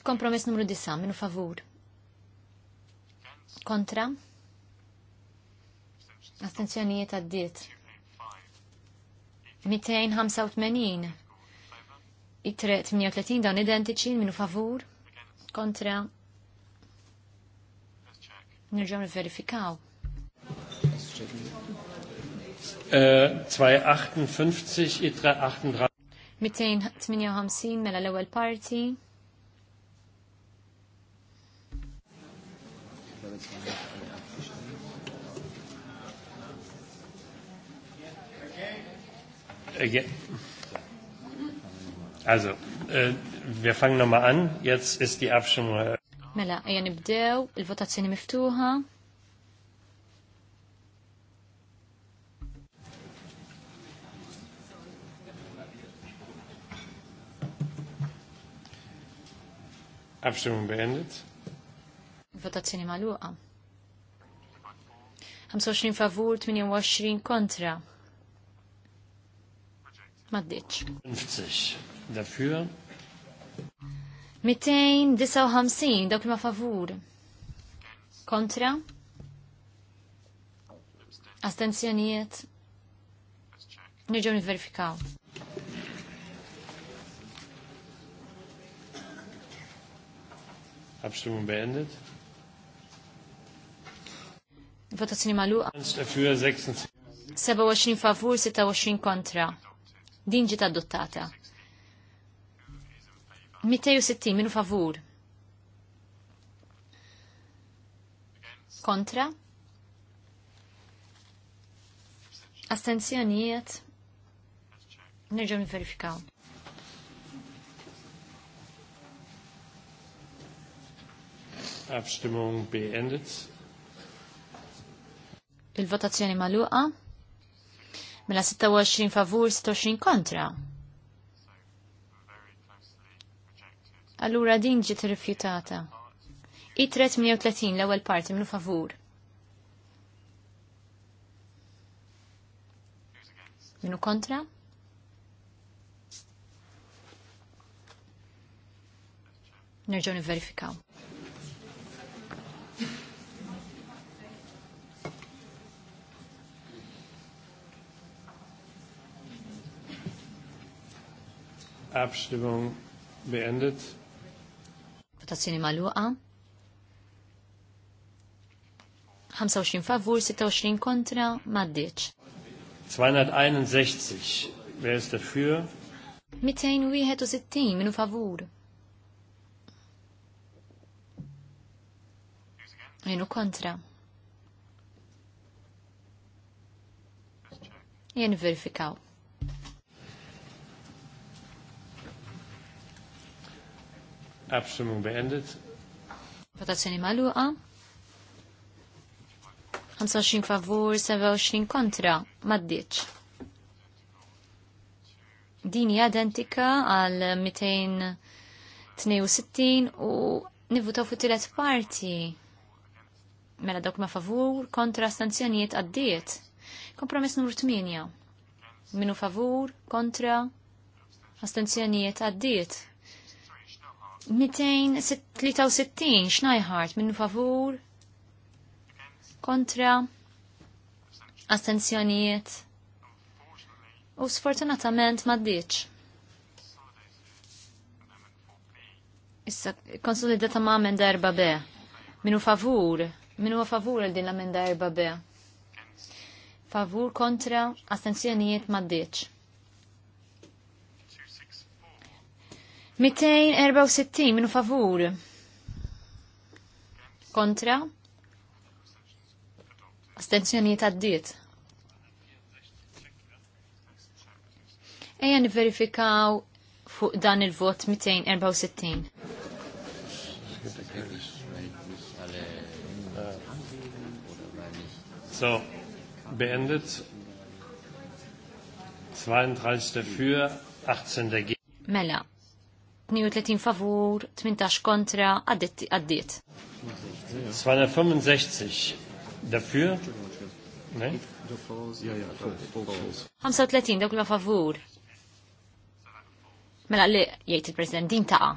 Il-kompromess numru 9 minu favur. Kontra. Attenzjonijiet għaddiet. 285. Itre 38 dan identiċi minu favur kontra. Nirġaw verifikaw. 258 äh, itre 38. 258 mela l ewel parti. Äh, also, äh, wir fangen nochmal an. Jetzt ist die Abstimmung. Äh, mela, ja nibdew, il-votazzjoni miftuħa. Abstimmung beendet. Votazzjoni maluqa. 25 favur, 28 kontra. Maddiċ. 50 dafür. 259 dawk ma favur. Kontra. Astenzjonijiet. Nirġaw niverifikaw. Abstimmung beendet. Votazzjoni maluqa. 27 favur, 26 kontra. Din ġiet adottata. 260 minu favur. Kontra? Astenzjonijiet? Nerġaw niverifikaw. Abstimmung beendet. Il-votazzjoni maluqa mela 26 favur, 26 kontra. Allura din ġiet irrifjutata. I-330 l-ewwel parti minnu favur. Minu kontra? Nerġgħu niverifikaw. Abstimmung beendet. Votazzjoni maluqa. 25 favur, 26 kontra, maddiċ. 261, wer ist dafür? 261, minu favur. Minu kontra. Jen verifikaw. Abstimmung beendet. Votazzjoni maluqa. 25 favur, 27 kontra, maddiċ. Din hija identika għal 262 u nivvutaw fuq tielet parti. Mela dawk ma favur kontra stanzjoniet għaddiet. Kompromess numru 8. Minu favur kontra astenzjonijiet għaddiet. 263 xnajħart minn favur kontra astenzjonijiet u sfortunatament maddiċ. Issa konsolidata ma' amenda erba be, Minu favur, minu favur għal din l-amenda erba be. Favur kontra astenzjonijiet maddiċ. 264 minu favur. Kontra. Astenzjoni ta' d-diet. fuq dan il-vot 264. So, beendet 32 dafür, 18 dagegen. Mela, 32 favur, 18 kontra, għaddit. għaddit. 265 dafür. Ne? 35 dawk favur. Mela li jgħid il-President din taqa.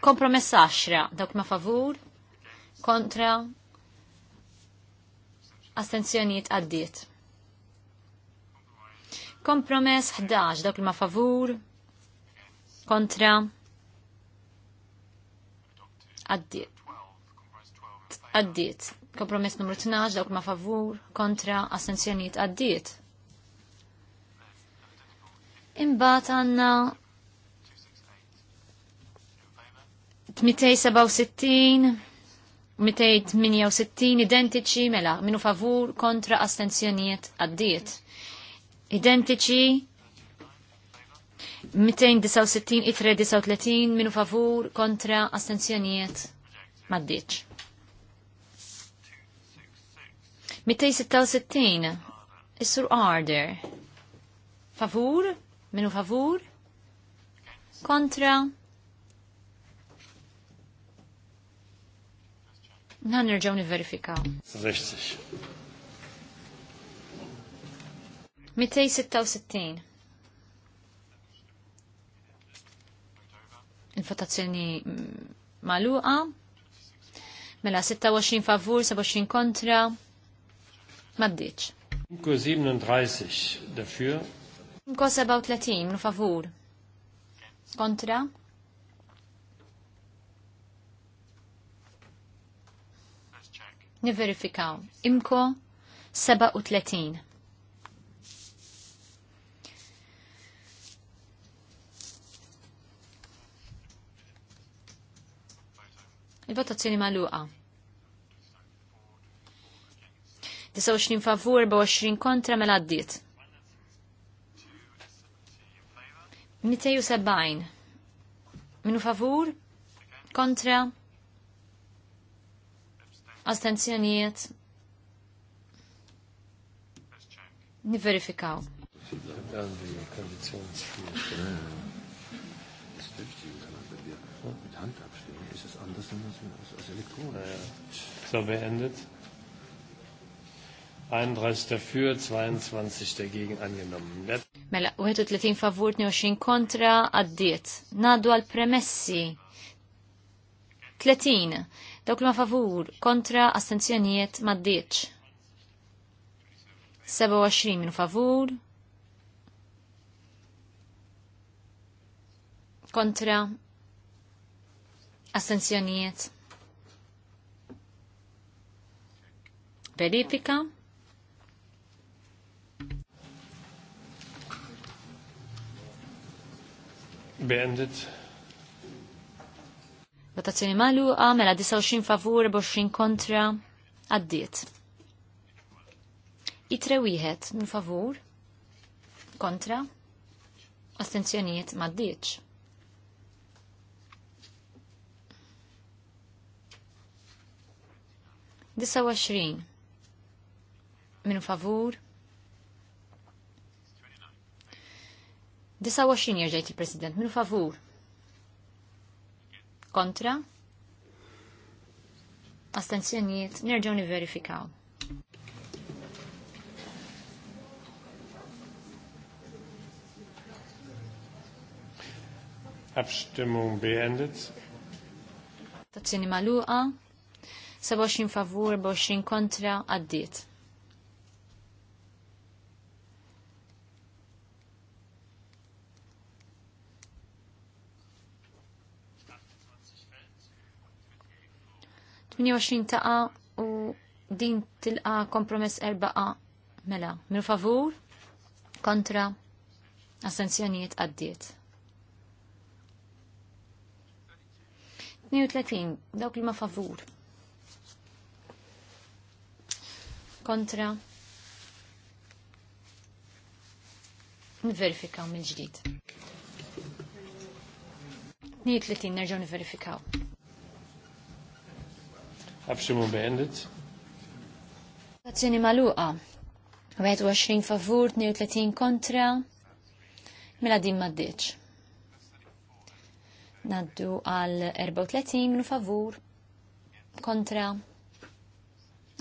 Kompromess 10 dawk ma favur, kontra, astenzjonijiet għaddit. Kompromess 11 dawk ma favur, kontra, Għaddiet. Għaddiet. Kompromess numru 12, dawk ma favur, kontra, assenzjoniet, għaddiet. Imbat għanna 267, 268 identiċi, mela, minu favur, kontra, astenzjoniet, għaddiet. Identiċi 269 itre 39 minu favur kontra astenzjonijiet maddiċ. 266 Is-sur Arder. Favur? Minu favur? Kontra? Nan nerġaw niverifikaw. 266. Infotazzjoni maluqa. Mela 26 favur, 27 kontra. Maddiċ. Imko 37 dafür. Mko 37 favur. Kontra. Niverifikaw. Imko 37. Il-votazzjoni maluqa. 29 favur, 20 kontra mela għaddiet. 270. Minu favur? Kontra? astenzjoniet. Niverifikaw. Għandi So beendet. 31 dafür, 22 dagegen angenommen. Mela, 31 favur, 22 kontra, għaddiet. Nadu għal premessi. 30. Dawk ma favur, kontra, astenzjonijiet, maddiċ. 27 minu favur. Kontra, Assenzjonijiet. Verifika. Beendit. Votazzjoni malu, mela 29 favur, 20 kontra, għaddiet. Itre wieħed, favur, kontra, astenzjonijiet ma' 10. 29. Minu favur. 29 jirġajt il-President. Minu favur. Kontra. Astenzjonijiet. Nerġaw ni verifikaw. Abstimmung beendet. Tazzini maluqa. 27 favur, 20 kontra, għaddiet. Tminja taqa u din tilqa kompromess erbaqa mela. Mil favur, kontra, assenzjonijiet għaddiet. 32, dawk li ma favur. kontra Nverifikaw minn ġdid. 32 nerġaw nverifikaw. Abximu bendit. Votazzjoni maluqa. 21 favur, 32 kontra. Mela din maddeċ. Naddu għal 34 minu favur, kontra,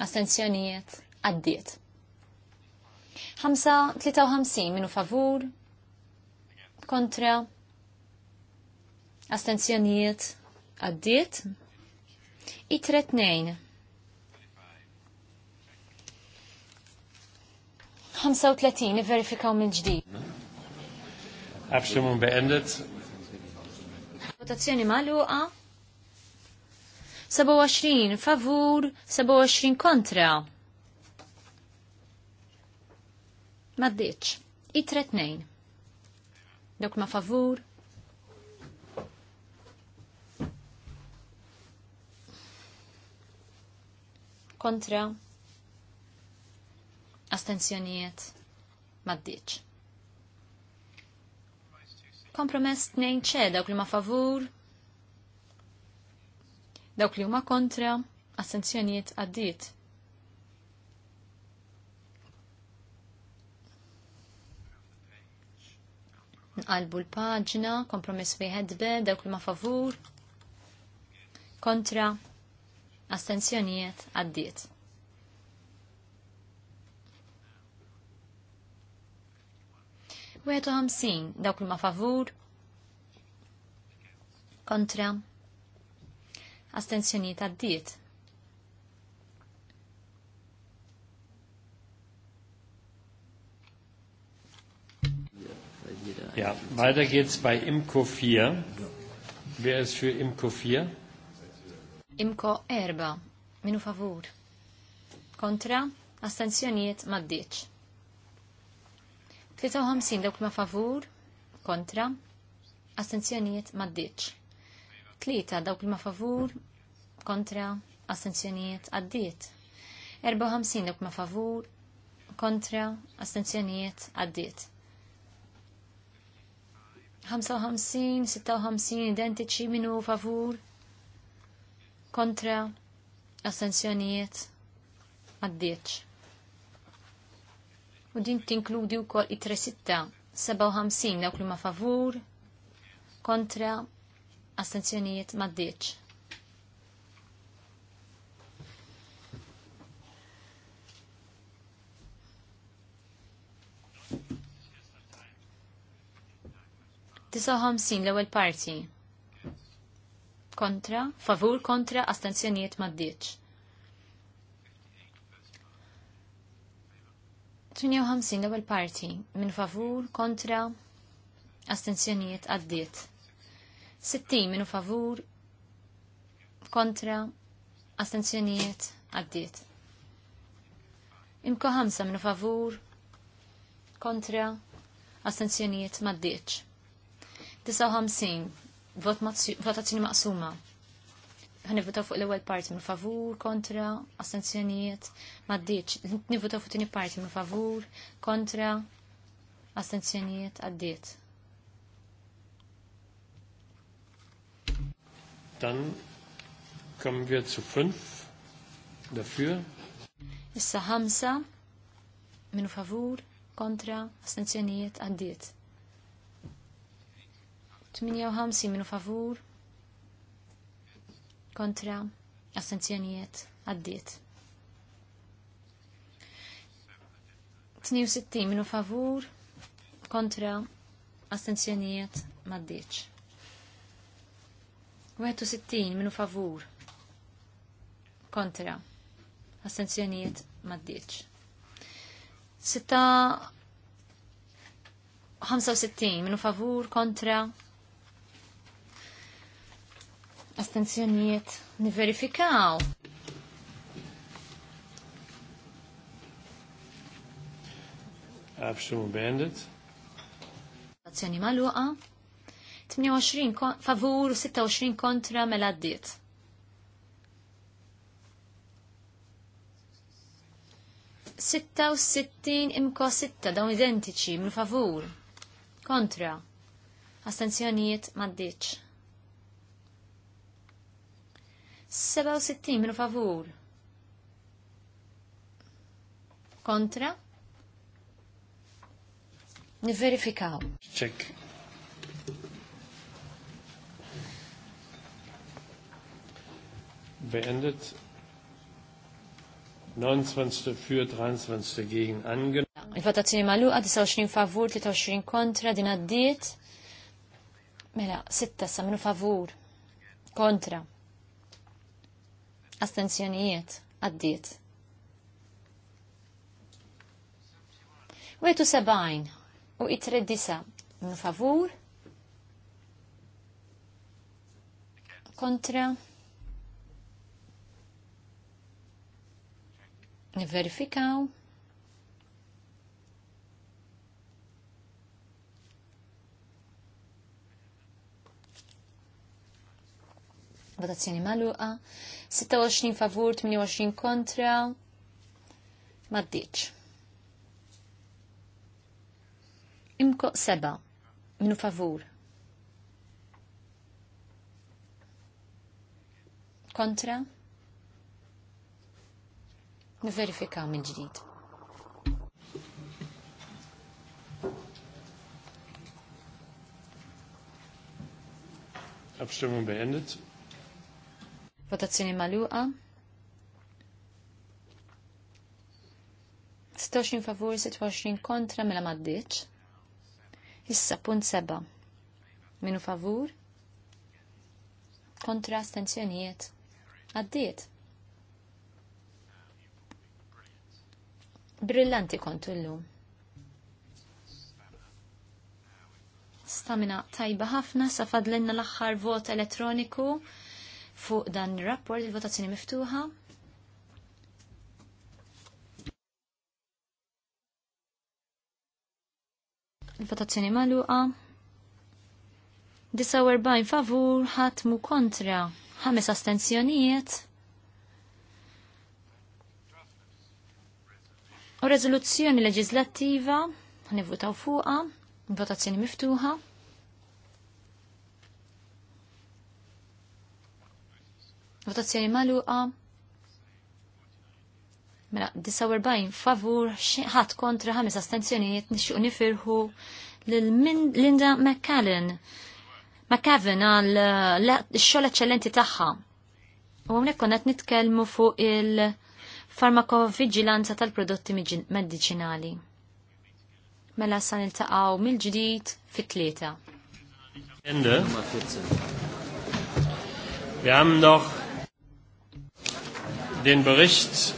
astenzjonijiet, għaddiet. 53 minu favur, kontra, astenzjonijiet, għaddiet, i 3 35 verifikaw minn ġdid. Abstimmung beendet. Votazzjoni maluqa. 27 favur, 27 kontra. Maddiċ. I tnejn. Dok ma favur. Kontra. Astenzjonijiet. Maddiċ. Kompromess tnejn ċe dawk li ma favur. Dawk li huma kontra. Astenzjonijiet għaddiet. Nqalbu l-paġna, kompromess wieħed be, dawk li ma favur, kontra, astenzjonijiet għaddiet. Wieħed u ħamsin dawk li ma favur, kontra, astenzjonijiet għaddiet. Ja, weiter geht's bei Imco 4. Wer ist für Imco 4? Imco erba. Minu favor. Kontra, astensjoniet maddiċ. 53 dawk ma favur, kontra, astensjoniet maddiċ. 3 dawk ma favur, kontra, astensjoniet għaddiet. 54 dawk ma favur, kontra, astensjoniet għaddiet. 55, 56 identiċi minu favur kontra astensjonijiet għaddieċ. U din tinkludi u kol it-3-6, 57 dawk li ma favur kontra assenzjonijiet maddieċ. 59 l-ewwel parti. Kontra, favur kontra astenzjonijiet maddiċ. 58 l-ewwel parti minn favur kontra astenzjonijiet għaddiet. 60 minu favur kontra astenzjonijiet għaddiet. Imko 5 minu favur kontra astenzjonijiet maddiċ. 59. Votazzjoni maqsuma. Għanivvotaw fuq l-ewel parti minn favur, kontra, astenzjonijiet, maddiċ. Nivvotaw fuq tini parti minn favur, kontra, astenzjonijiet, għaddiet. Dan kam wir su 5 dafür. Issa ħamsa minn favur, kontra, astenzjonijiet, għaddiet. 58 minu favur kontra astenzjonijiet għaddiet. 62 minu favur kontra astenzjonijiet maddiċ. 61 minu favur kontra astenzjonijiet maddiċ. 65 minu favur kontra Astenzjonijiet niverifikaw. Abstimmung bandit. Azzjoni maluqa. 28 favur u 26 kontra mela Sitta u sittin imko sitta dawn identiċi mill favur. Kontra. Astenzjonijiet maddiċ. 67 minu favur. Kontra? Niverifikaw. Check. Beendet. 29 für, 23 gegen angenommen. Il-votazzjoni magħluqa 29 favur, 23 kontra, din għaddiet. Mela, 6 sa minu favur. Kontra. Astenzjonijiet għaddiet. Wetu sebajn u itri disa favur kontra verifikaw Votazzjoni maluqa. 26 favur, 28 kontra. Maddiċ. Imko seba. Minu favur. Kontra. Niverifika minn ġdid. Abstimmung beendet. Votazzjoni maluqa. 26 favur, 26 kontra, mela maddiċ. Issa, punt seba. Minu favur? Kontra, stenzjonijiet. Addiet. Brillanti kontu l Stamina tajba ħafna, sa fadlinna l-axħar vot elettroniku fuq dan il-rapport il-votazzjoni miftuħa. Il-votazzjoni maluqa. 49 favur, mu kontra, 5 astenzjonijiet. U rezoluzzjoni leġislattiva, nivvutaw fuqa, votazzjoni miftuħa. Votazzjoni maluqa. Mela, 49 favur, ħadd kontra ħames astenzjonijiet nixtieq nifirħu lil Linda McCallan. McCavin għal xogħol eċċellenti tagħha. U hawnhekk konna qed nitkellmu fuq il-farmakovigilanza tal-prodotti medicinali. Mela sa niltaqgħu mill-ġdid fit-tlieta. Ende. Wir haben noch den Bericht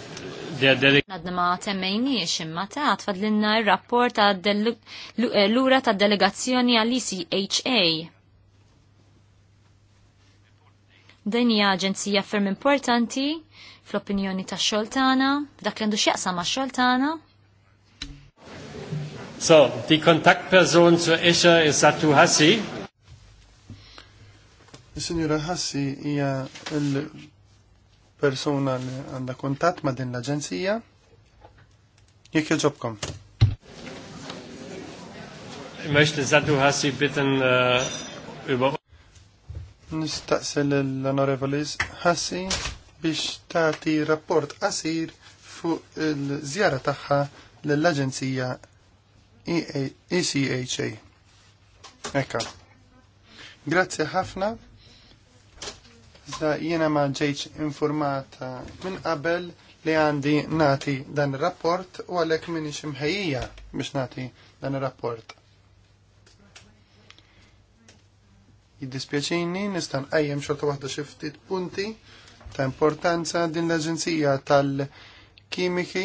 der Għadna ma temmejniex imma ta' tfadlinna il-rapport ta' eh, l-ura ta' delegazzjoni għall-ECHA. Dan hija aġenzija ferm importanti fl-opinjoni ta' xoltana, dak li għandu x'jaqsa ma' xoltana. So, kontakt person zu ECHA is Satu Hassi. Is-Sinjura Hassi ija persona li għanda kontat ma' din l-aġenzija. Jek jilġobkom. Möchte Satu Hassi bitten äh, über. Nistaqsel l-Onorevoli Hassi biex taħti rapport qasir fuq il zjara taħħa l-Aġenzija ECHA. Eka. Grazie ħafna. Iżda jiena ma ġejċ informata minn qabel li għandi nati dan il-rapport u għalek minn ximħejja biex nati dan il-rapport. Jiddispjaċini nistan għajem xorta waħda xiftit punti ta' importanza din l-Aġenzija tal-Kimiki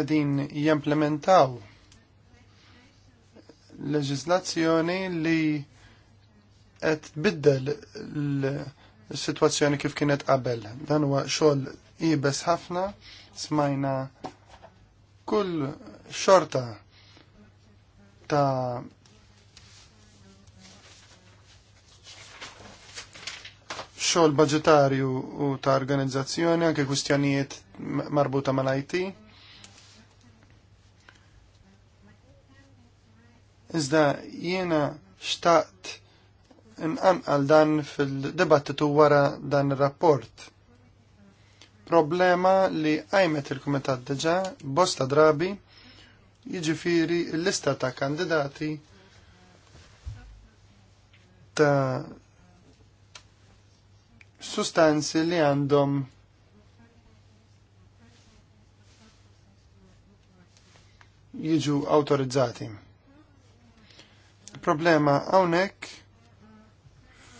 għedin jimplementaw leġizlazzjoni li qed biddel l-sitwazzjoni kif kienet qabel. Dan huwa xogħol ibes ħafna, smajna kull xorta ta' xogħol budgetarju u ta' organizzazzjoni, anke kwistjonijiet marbuta mal-IT. Iżda jiena xtaqt għal dan fil-dibattitu wara dan rapport Problema li għajmet il-Kumitat deġa bosta drabi jġifiri l-lista ta' kandidati ta' sustanzi li għandhom jiġu autorizzati. Problema hawnhekk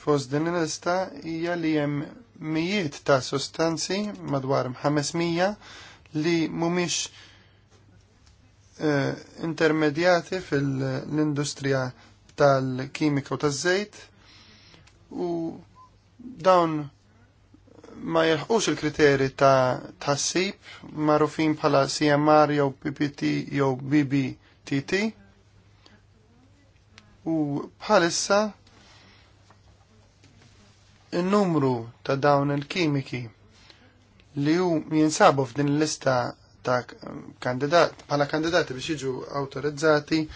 Fost din il-lista hija li hemm mijiet ta' sostanzi madwar 500 li mhumiex eh, intermedjati fil-industrija tal-kimika u taż-żejt u dawn ma jelħqux il-kriteri ta' tassib marufin bħala CMR jew PPT jew BBTT u bħalissa il numru ta' dawn il-kimiki li ju jinsabu f'din l-lista ta' kandidat, pala kandidati biex jiġu autorizzati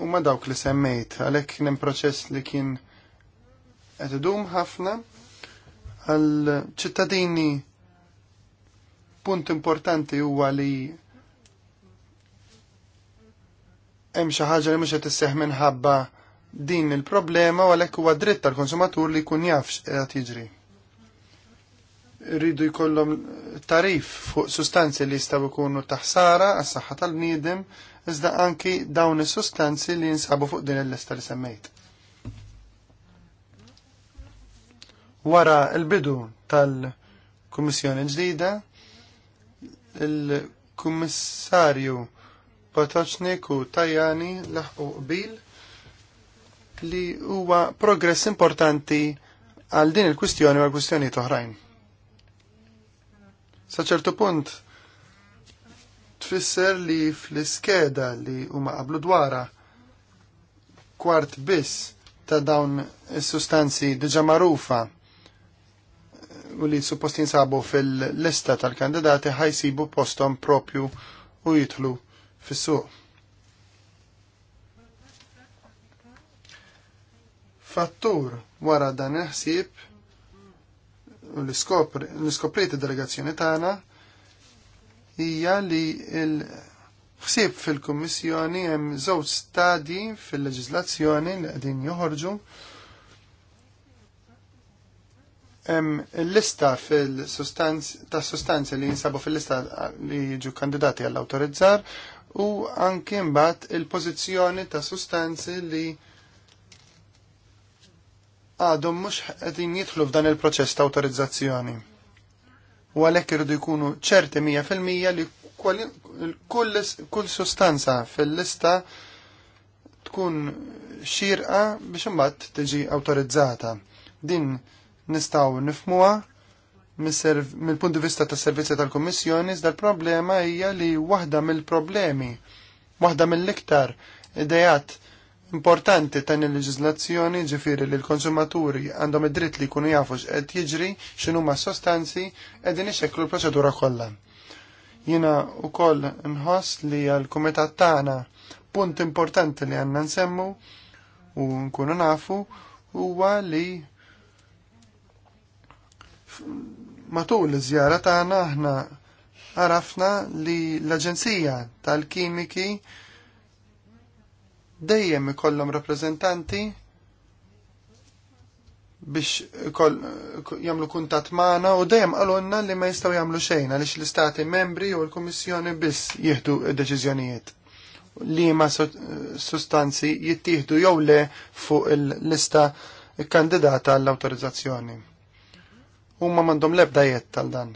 u ma dawk li semmejt, għalek kien proċess li kien għedidum ħafna għal ċittadini punt importanti huwa li hemm xi ħaġa li mhux qed isseħħ minħabba din il-problema u għalhekk huwa dritt tal-konsumatur li jkun jafx qed jiġri. Rridu jkollhom tarif fuq sustanzi li jistgħu jkunu taħsara għas-saħħa tal-bniedem iżda anki dawn is-sustanzi li jinsabu fuq din il-lista li semmejt. Wara l-bidu tal-Kummissjoni ġdida, il-Kummissarju Potoċnik Tajani laħqu qbil li huwa progress importanti għal din il-kwistjoni u għal kwistjoni toħrajn. Sa ċertu punt, tfisser li fl-iskeda li huma qablu dwara kwart biss ta' dawn is-sustanzi diġa marufa u li suppost jinsabu fil-lista tal-kandidati ħajsibu postom propju u jitlu fis-suq. Fattur wara dan il-ħsieb u l delegazzjoni tagħna hija li l-ħsieb fil-Kummissjoni hemm żewġ stadji fil-leġiżlazzjoni li qegħdin joħorġu hemm il-lista fil ta' sustanzi li jinsabu fil-lista li jiġu kandidati għall-awtorizzar u anke mbagħad il-pożizzjoni ta' sustanzi li għadhom mhux qegħdin jidħlu f'dan il-proċess ta' awtorizzazzjoni. U għalhekk irridu jkunu ċerti mija fil-mija li kull sustanza fil-lista tkun xirqa biex imbagħad tiġi awtorizzata. Din nistgħu nifmuha mill-punt di vista tas servizzi tal-Kummissjoni iżda l-problema hija li waħda mill-problemi, waħda mill-iktar idejat importanti ta' il-leġizlazzjoni ġifiri li l-konsumaturi għandhom id-dritt li jkunu jafu x'qed jiġri x'inhu ma sostanzi qegħdin ixekklu l-proċedura kollha. Jiena wkoll nħoss li għall-kumitat tagħna punt importanti li għandna nsemmu u nkunu nafu huwa li matul iż-żjara tagħna aħna għarafna li l-Aġenzija tal-Kimiki dejjem ikollhom rappreżentanti biex jagħmlu kuntatt magħna u dejjem qalulna li ma jistgħu jagħmlu xejn għaliex l-istati membri u l-Kummissjoni biss jieħdu deċiżjonijiet li ma sustanzi jittieħdu jew le fuq il-lista kandidata għall-autorizzazzjoni. Huma m'għandhom l-ebda jett tal dan.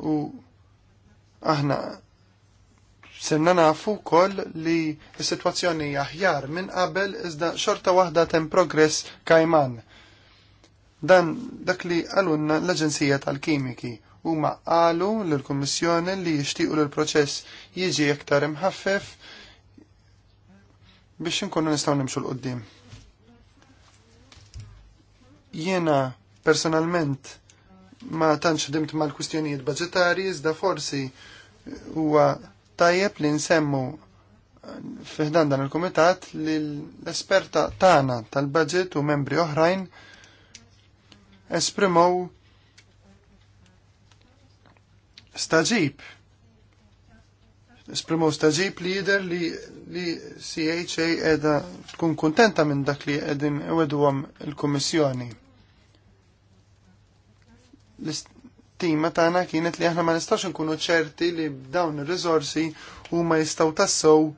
U aħna Senna nafu kol li s-situazzjoni aħjar minn qabel iżda xorta waħda tem progress kajman. Dan dak li għalunna l-Aġenzija tal-Kimiki huma qalu l-Kummissjoni li jixtiequ l proċess jiġi iktar imħaffef biex inkunu nistgħu nimxu l-qoddim. Jiena personalment ma tantx dimt mal-kwistjonijiet budġetarji iżda forsi huwa tajjeb li nsemmu eh, fiħdan dan il-komitat li l-esperta tagħna tal-budget u membri oħrajn esprimow staġib esprimow staġib li jider li, li CHA edha tkun kontenta minn dak li edin ewedu il-Komissjoni tima tagħna kienet li aħna ma nistax nkunu ċerti li dawn ir-riżorsi huma jistgħu tassew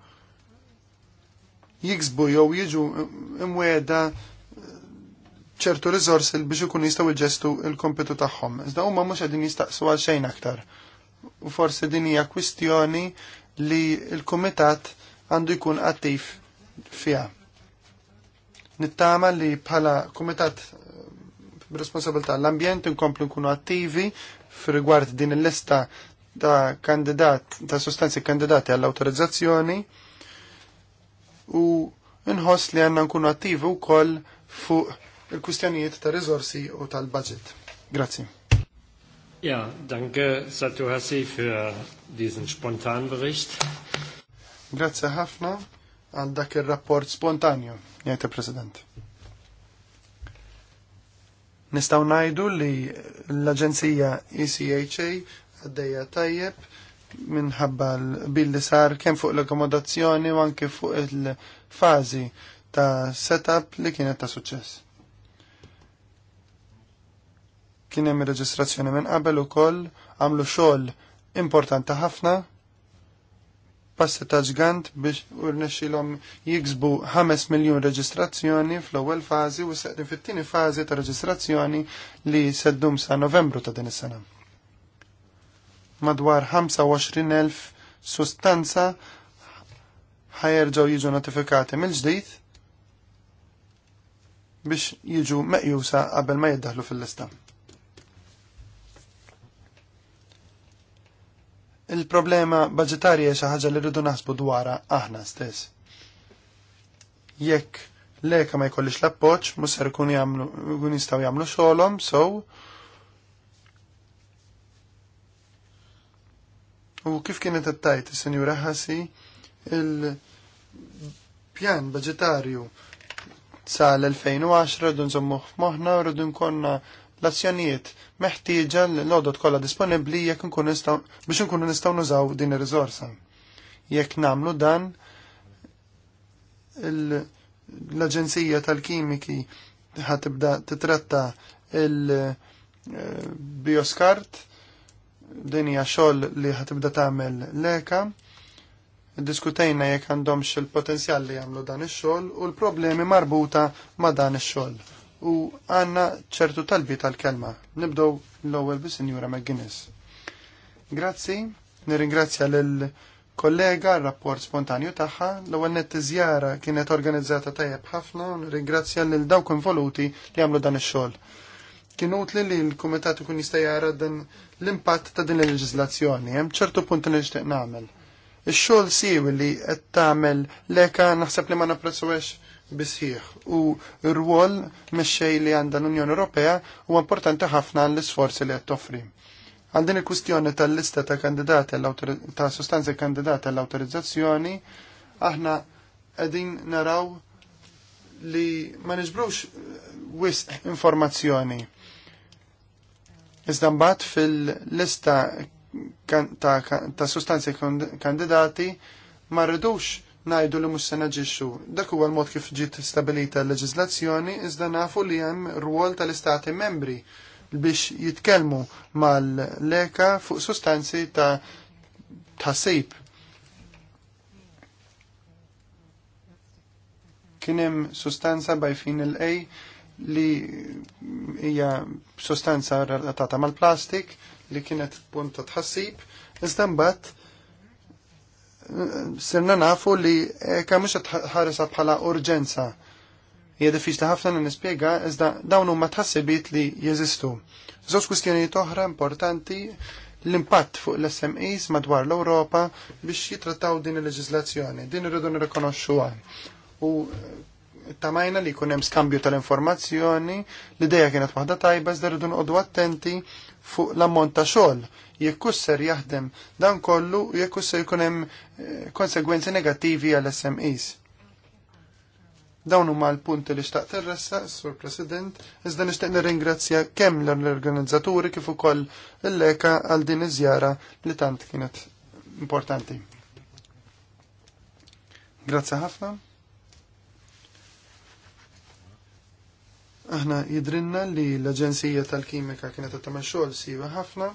jiksbu jew jiġu imwieda ċertu riżorsi biex ikun jistgħu jġestu l-kompetu tagħhom. Iżda huma mhux qegħdin jistaqsu għal xejn aktar. U forsi din hija kwistjoni li l-kumitat għandu jkun attiv fiha. Nittama li bħala kumitat b'responsabilità l-ambjent inkomplu nkunu attivi f'rigward din il-lista ta' kandidat ta' sostanzi kandidati għall-autorizzazzjoni u nħoss li għanna nkunu attivi wkoll fuq il-kustjonijiet ta' rizorsi u tal-budget. Grazzi. Ja, danke Satu Hassi für diesen spontanen Bericht. Grazie ħafna għal dak ir rapport spontanju, jgħid president Nistaw najdu li l-Aġenzija ECHA għaddeja tajjeb minħabba l-billi sar kemm fuq l-akkomodazzjoni u anke fuq il-fazi ta' setup li kienet ta' suċċess. Kien hemm ir-reġistrazzjoni minn qabel ukoll għamlu xogħol importanti ħafna passi ta' ġgant biex urnexilom jiksbu 5 miljon reġistrazzjoni fl-ewwel fażi u seqni fit-tieni fażi ta' reġistrazzjoni li seddum sa' Novembru ta' din is-sena. Madwar 25,000 sustanza ħajerġaw jiġu notifikati mill-ġdid biex jiġu meqjusa qabel ma jiddaħlu fil-lista. il-problema budgetarja xi ħaġa li rridu naħsbu dwarha aħna stess. Jekk leka ma jkollix l appoċ musser ser ikun jagħmlu jkun jistgħu jagħmlu xogħolhom, so U kif kienet attajt senjur sinjura Ħassi il-pjan budgetarju sa l-2010 rridu nżommu f'moħħna u rridu nkonna l-azzjonijiet meħtieġa l-għodot kollha disponibbli jekk nkunu biex nkunu nistgħu nużaw din ir-riżorsa. Jekk nagħmlu dan l-Aġenzija tal-Kimiki ħatibda titratta il-bioskart eh, din hija xogħol li ħatibda tagħmel leka diskutejna jekk għandhomx il-potenzjal li jagħmlu dan ix-xogħol u l-problemi marbuta ma' dan ix-xogħol u għanna ċertu talbi tal-kelma. Nibdow l-ewwel bi Sinjura McGuinness. Grazzi, nirringrazzja l kollega rapport spontanju tagħha. L-ewwel net zjara kienet organizzata tajjeb ħafna u nirringrazzja lil dawk involuti li għamlu dan ix-xogħol. Kien utli li l-kumitat ikun jista' jara dan l-impatt ta' din il leġizlazzjoni Hemm ċertu punt li nixtieq nagħmel. Ix-xogħol siwi li qed tagħmel leka naħseb li ma napprezzawx bisħiħ. u r-rwol mexxej li għandha l-Unjoni Ewropea huwa importanti ħafna għall isforzi li qed Għandin il-kwistjoni tal-lista ta' kandidati ta' sostanzi kandidati għall awtorizzazzjoni aħna qegħdin naraw li ma niġbrux wisq informazzjoni. Iżda mbagħad fil-lista ta', ta sostanzi kandidati ma rridux najdu li mhux se naġixxu. Dak huwa l-mod kif ġiet stabilita l leġizlazzjoni iżda nafu li hemm ruol tal-istati membri biex jitkellmu mal-leka fuq sustanzi ta' tħassib. Kien hemm sustanza bajfin il-A li hija sustanza relatata mal-plastik li kienet punta tħassib, iżda mbagħad sirna nafu li eka eh, mux tħarisa bħala urġenza. Hija diffiċli ħafna n nispjega iżda dawn huma tħassibiet li jeżistu. Zos kwistjonijiet oħra importanti l-impatt fuq l-SMEs madwar l-Ewropa biex jitrattaw din il-leġislazzjoni. Din irridu nirrikonoxxuha. U eh, tamajna li kunem skambju tal-informazzjoni, l-ideja kienet waħda tajba, iżda rridu attenti fuq l-ammont ta' xogħol. Jekk ser jaħdem dan kollu jekk ser jkun hemm eh, konsegwenzi negattivi għal SMEs. Dawn huma l-punti li xtaqt irressa, Sur President, iżda nixtieq nirringrazzja kemm l-organizzaturi kif ukoll il-leka għal din iż-żjara li tant kienet importanti. Grazzi ħafna. Aħna jidrinna li l-Aġenzija tal-Kimika kienet tagħmel xogħol siva ħafna,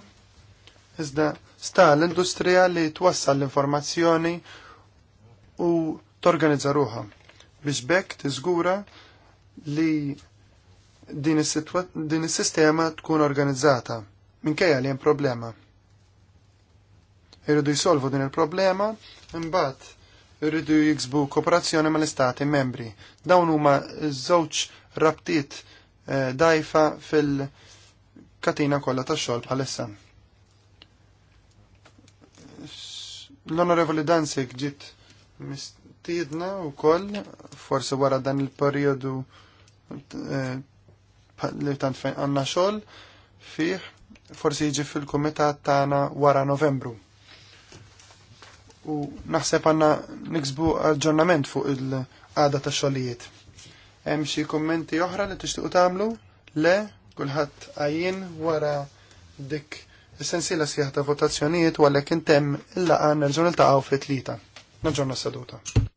iżda sta l-industrija li twassal l-informazzjoni u torganizza ruħha biex bekk tiżgura li din is-sistema tkun organizzata minkejja li hemm problema. Irridu jsolvu din il-problema imbagħad irridu jiksbu kooperazzjoni mal-istati membri. Dawn huma żewġ rabtiet eh, dajfa fil-katina kollha tax-xogħol bħalissa. L-Onorevoli Danzig ġiet mistiedna wkoll forsi wara dan il-perjodu eh, li tant fejn għandna xogħol fih forsi jiġi fil-kumitat tagħna wara Novembru u naħseb għanna niksbu aġġornament fuq il-għada ta' xogħlijiet. Hemm xi kummenti oħra li tixtiequ tagħmlu? Le, kulħadd għajin wara dik is-sensiela sieħ ta' votazzjonijiet u għalhekk intemm il-laqa nerġgħu niltaqgħu fit-tlieta. Naġġorna seduta.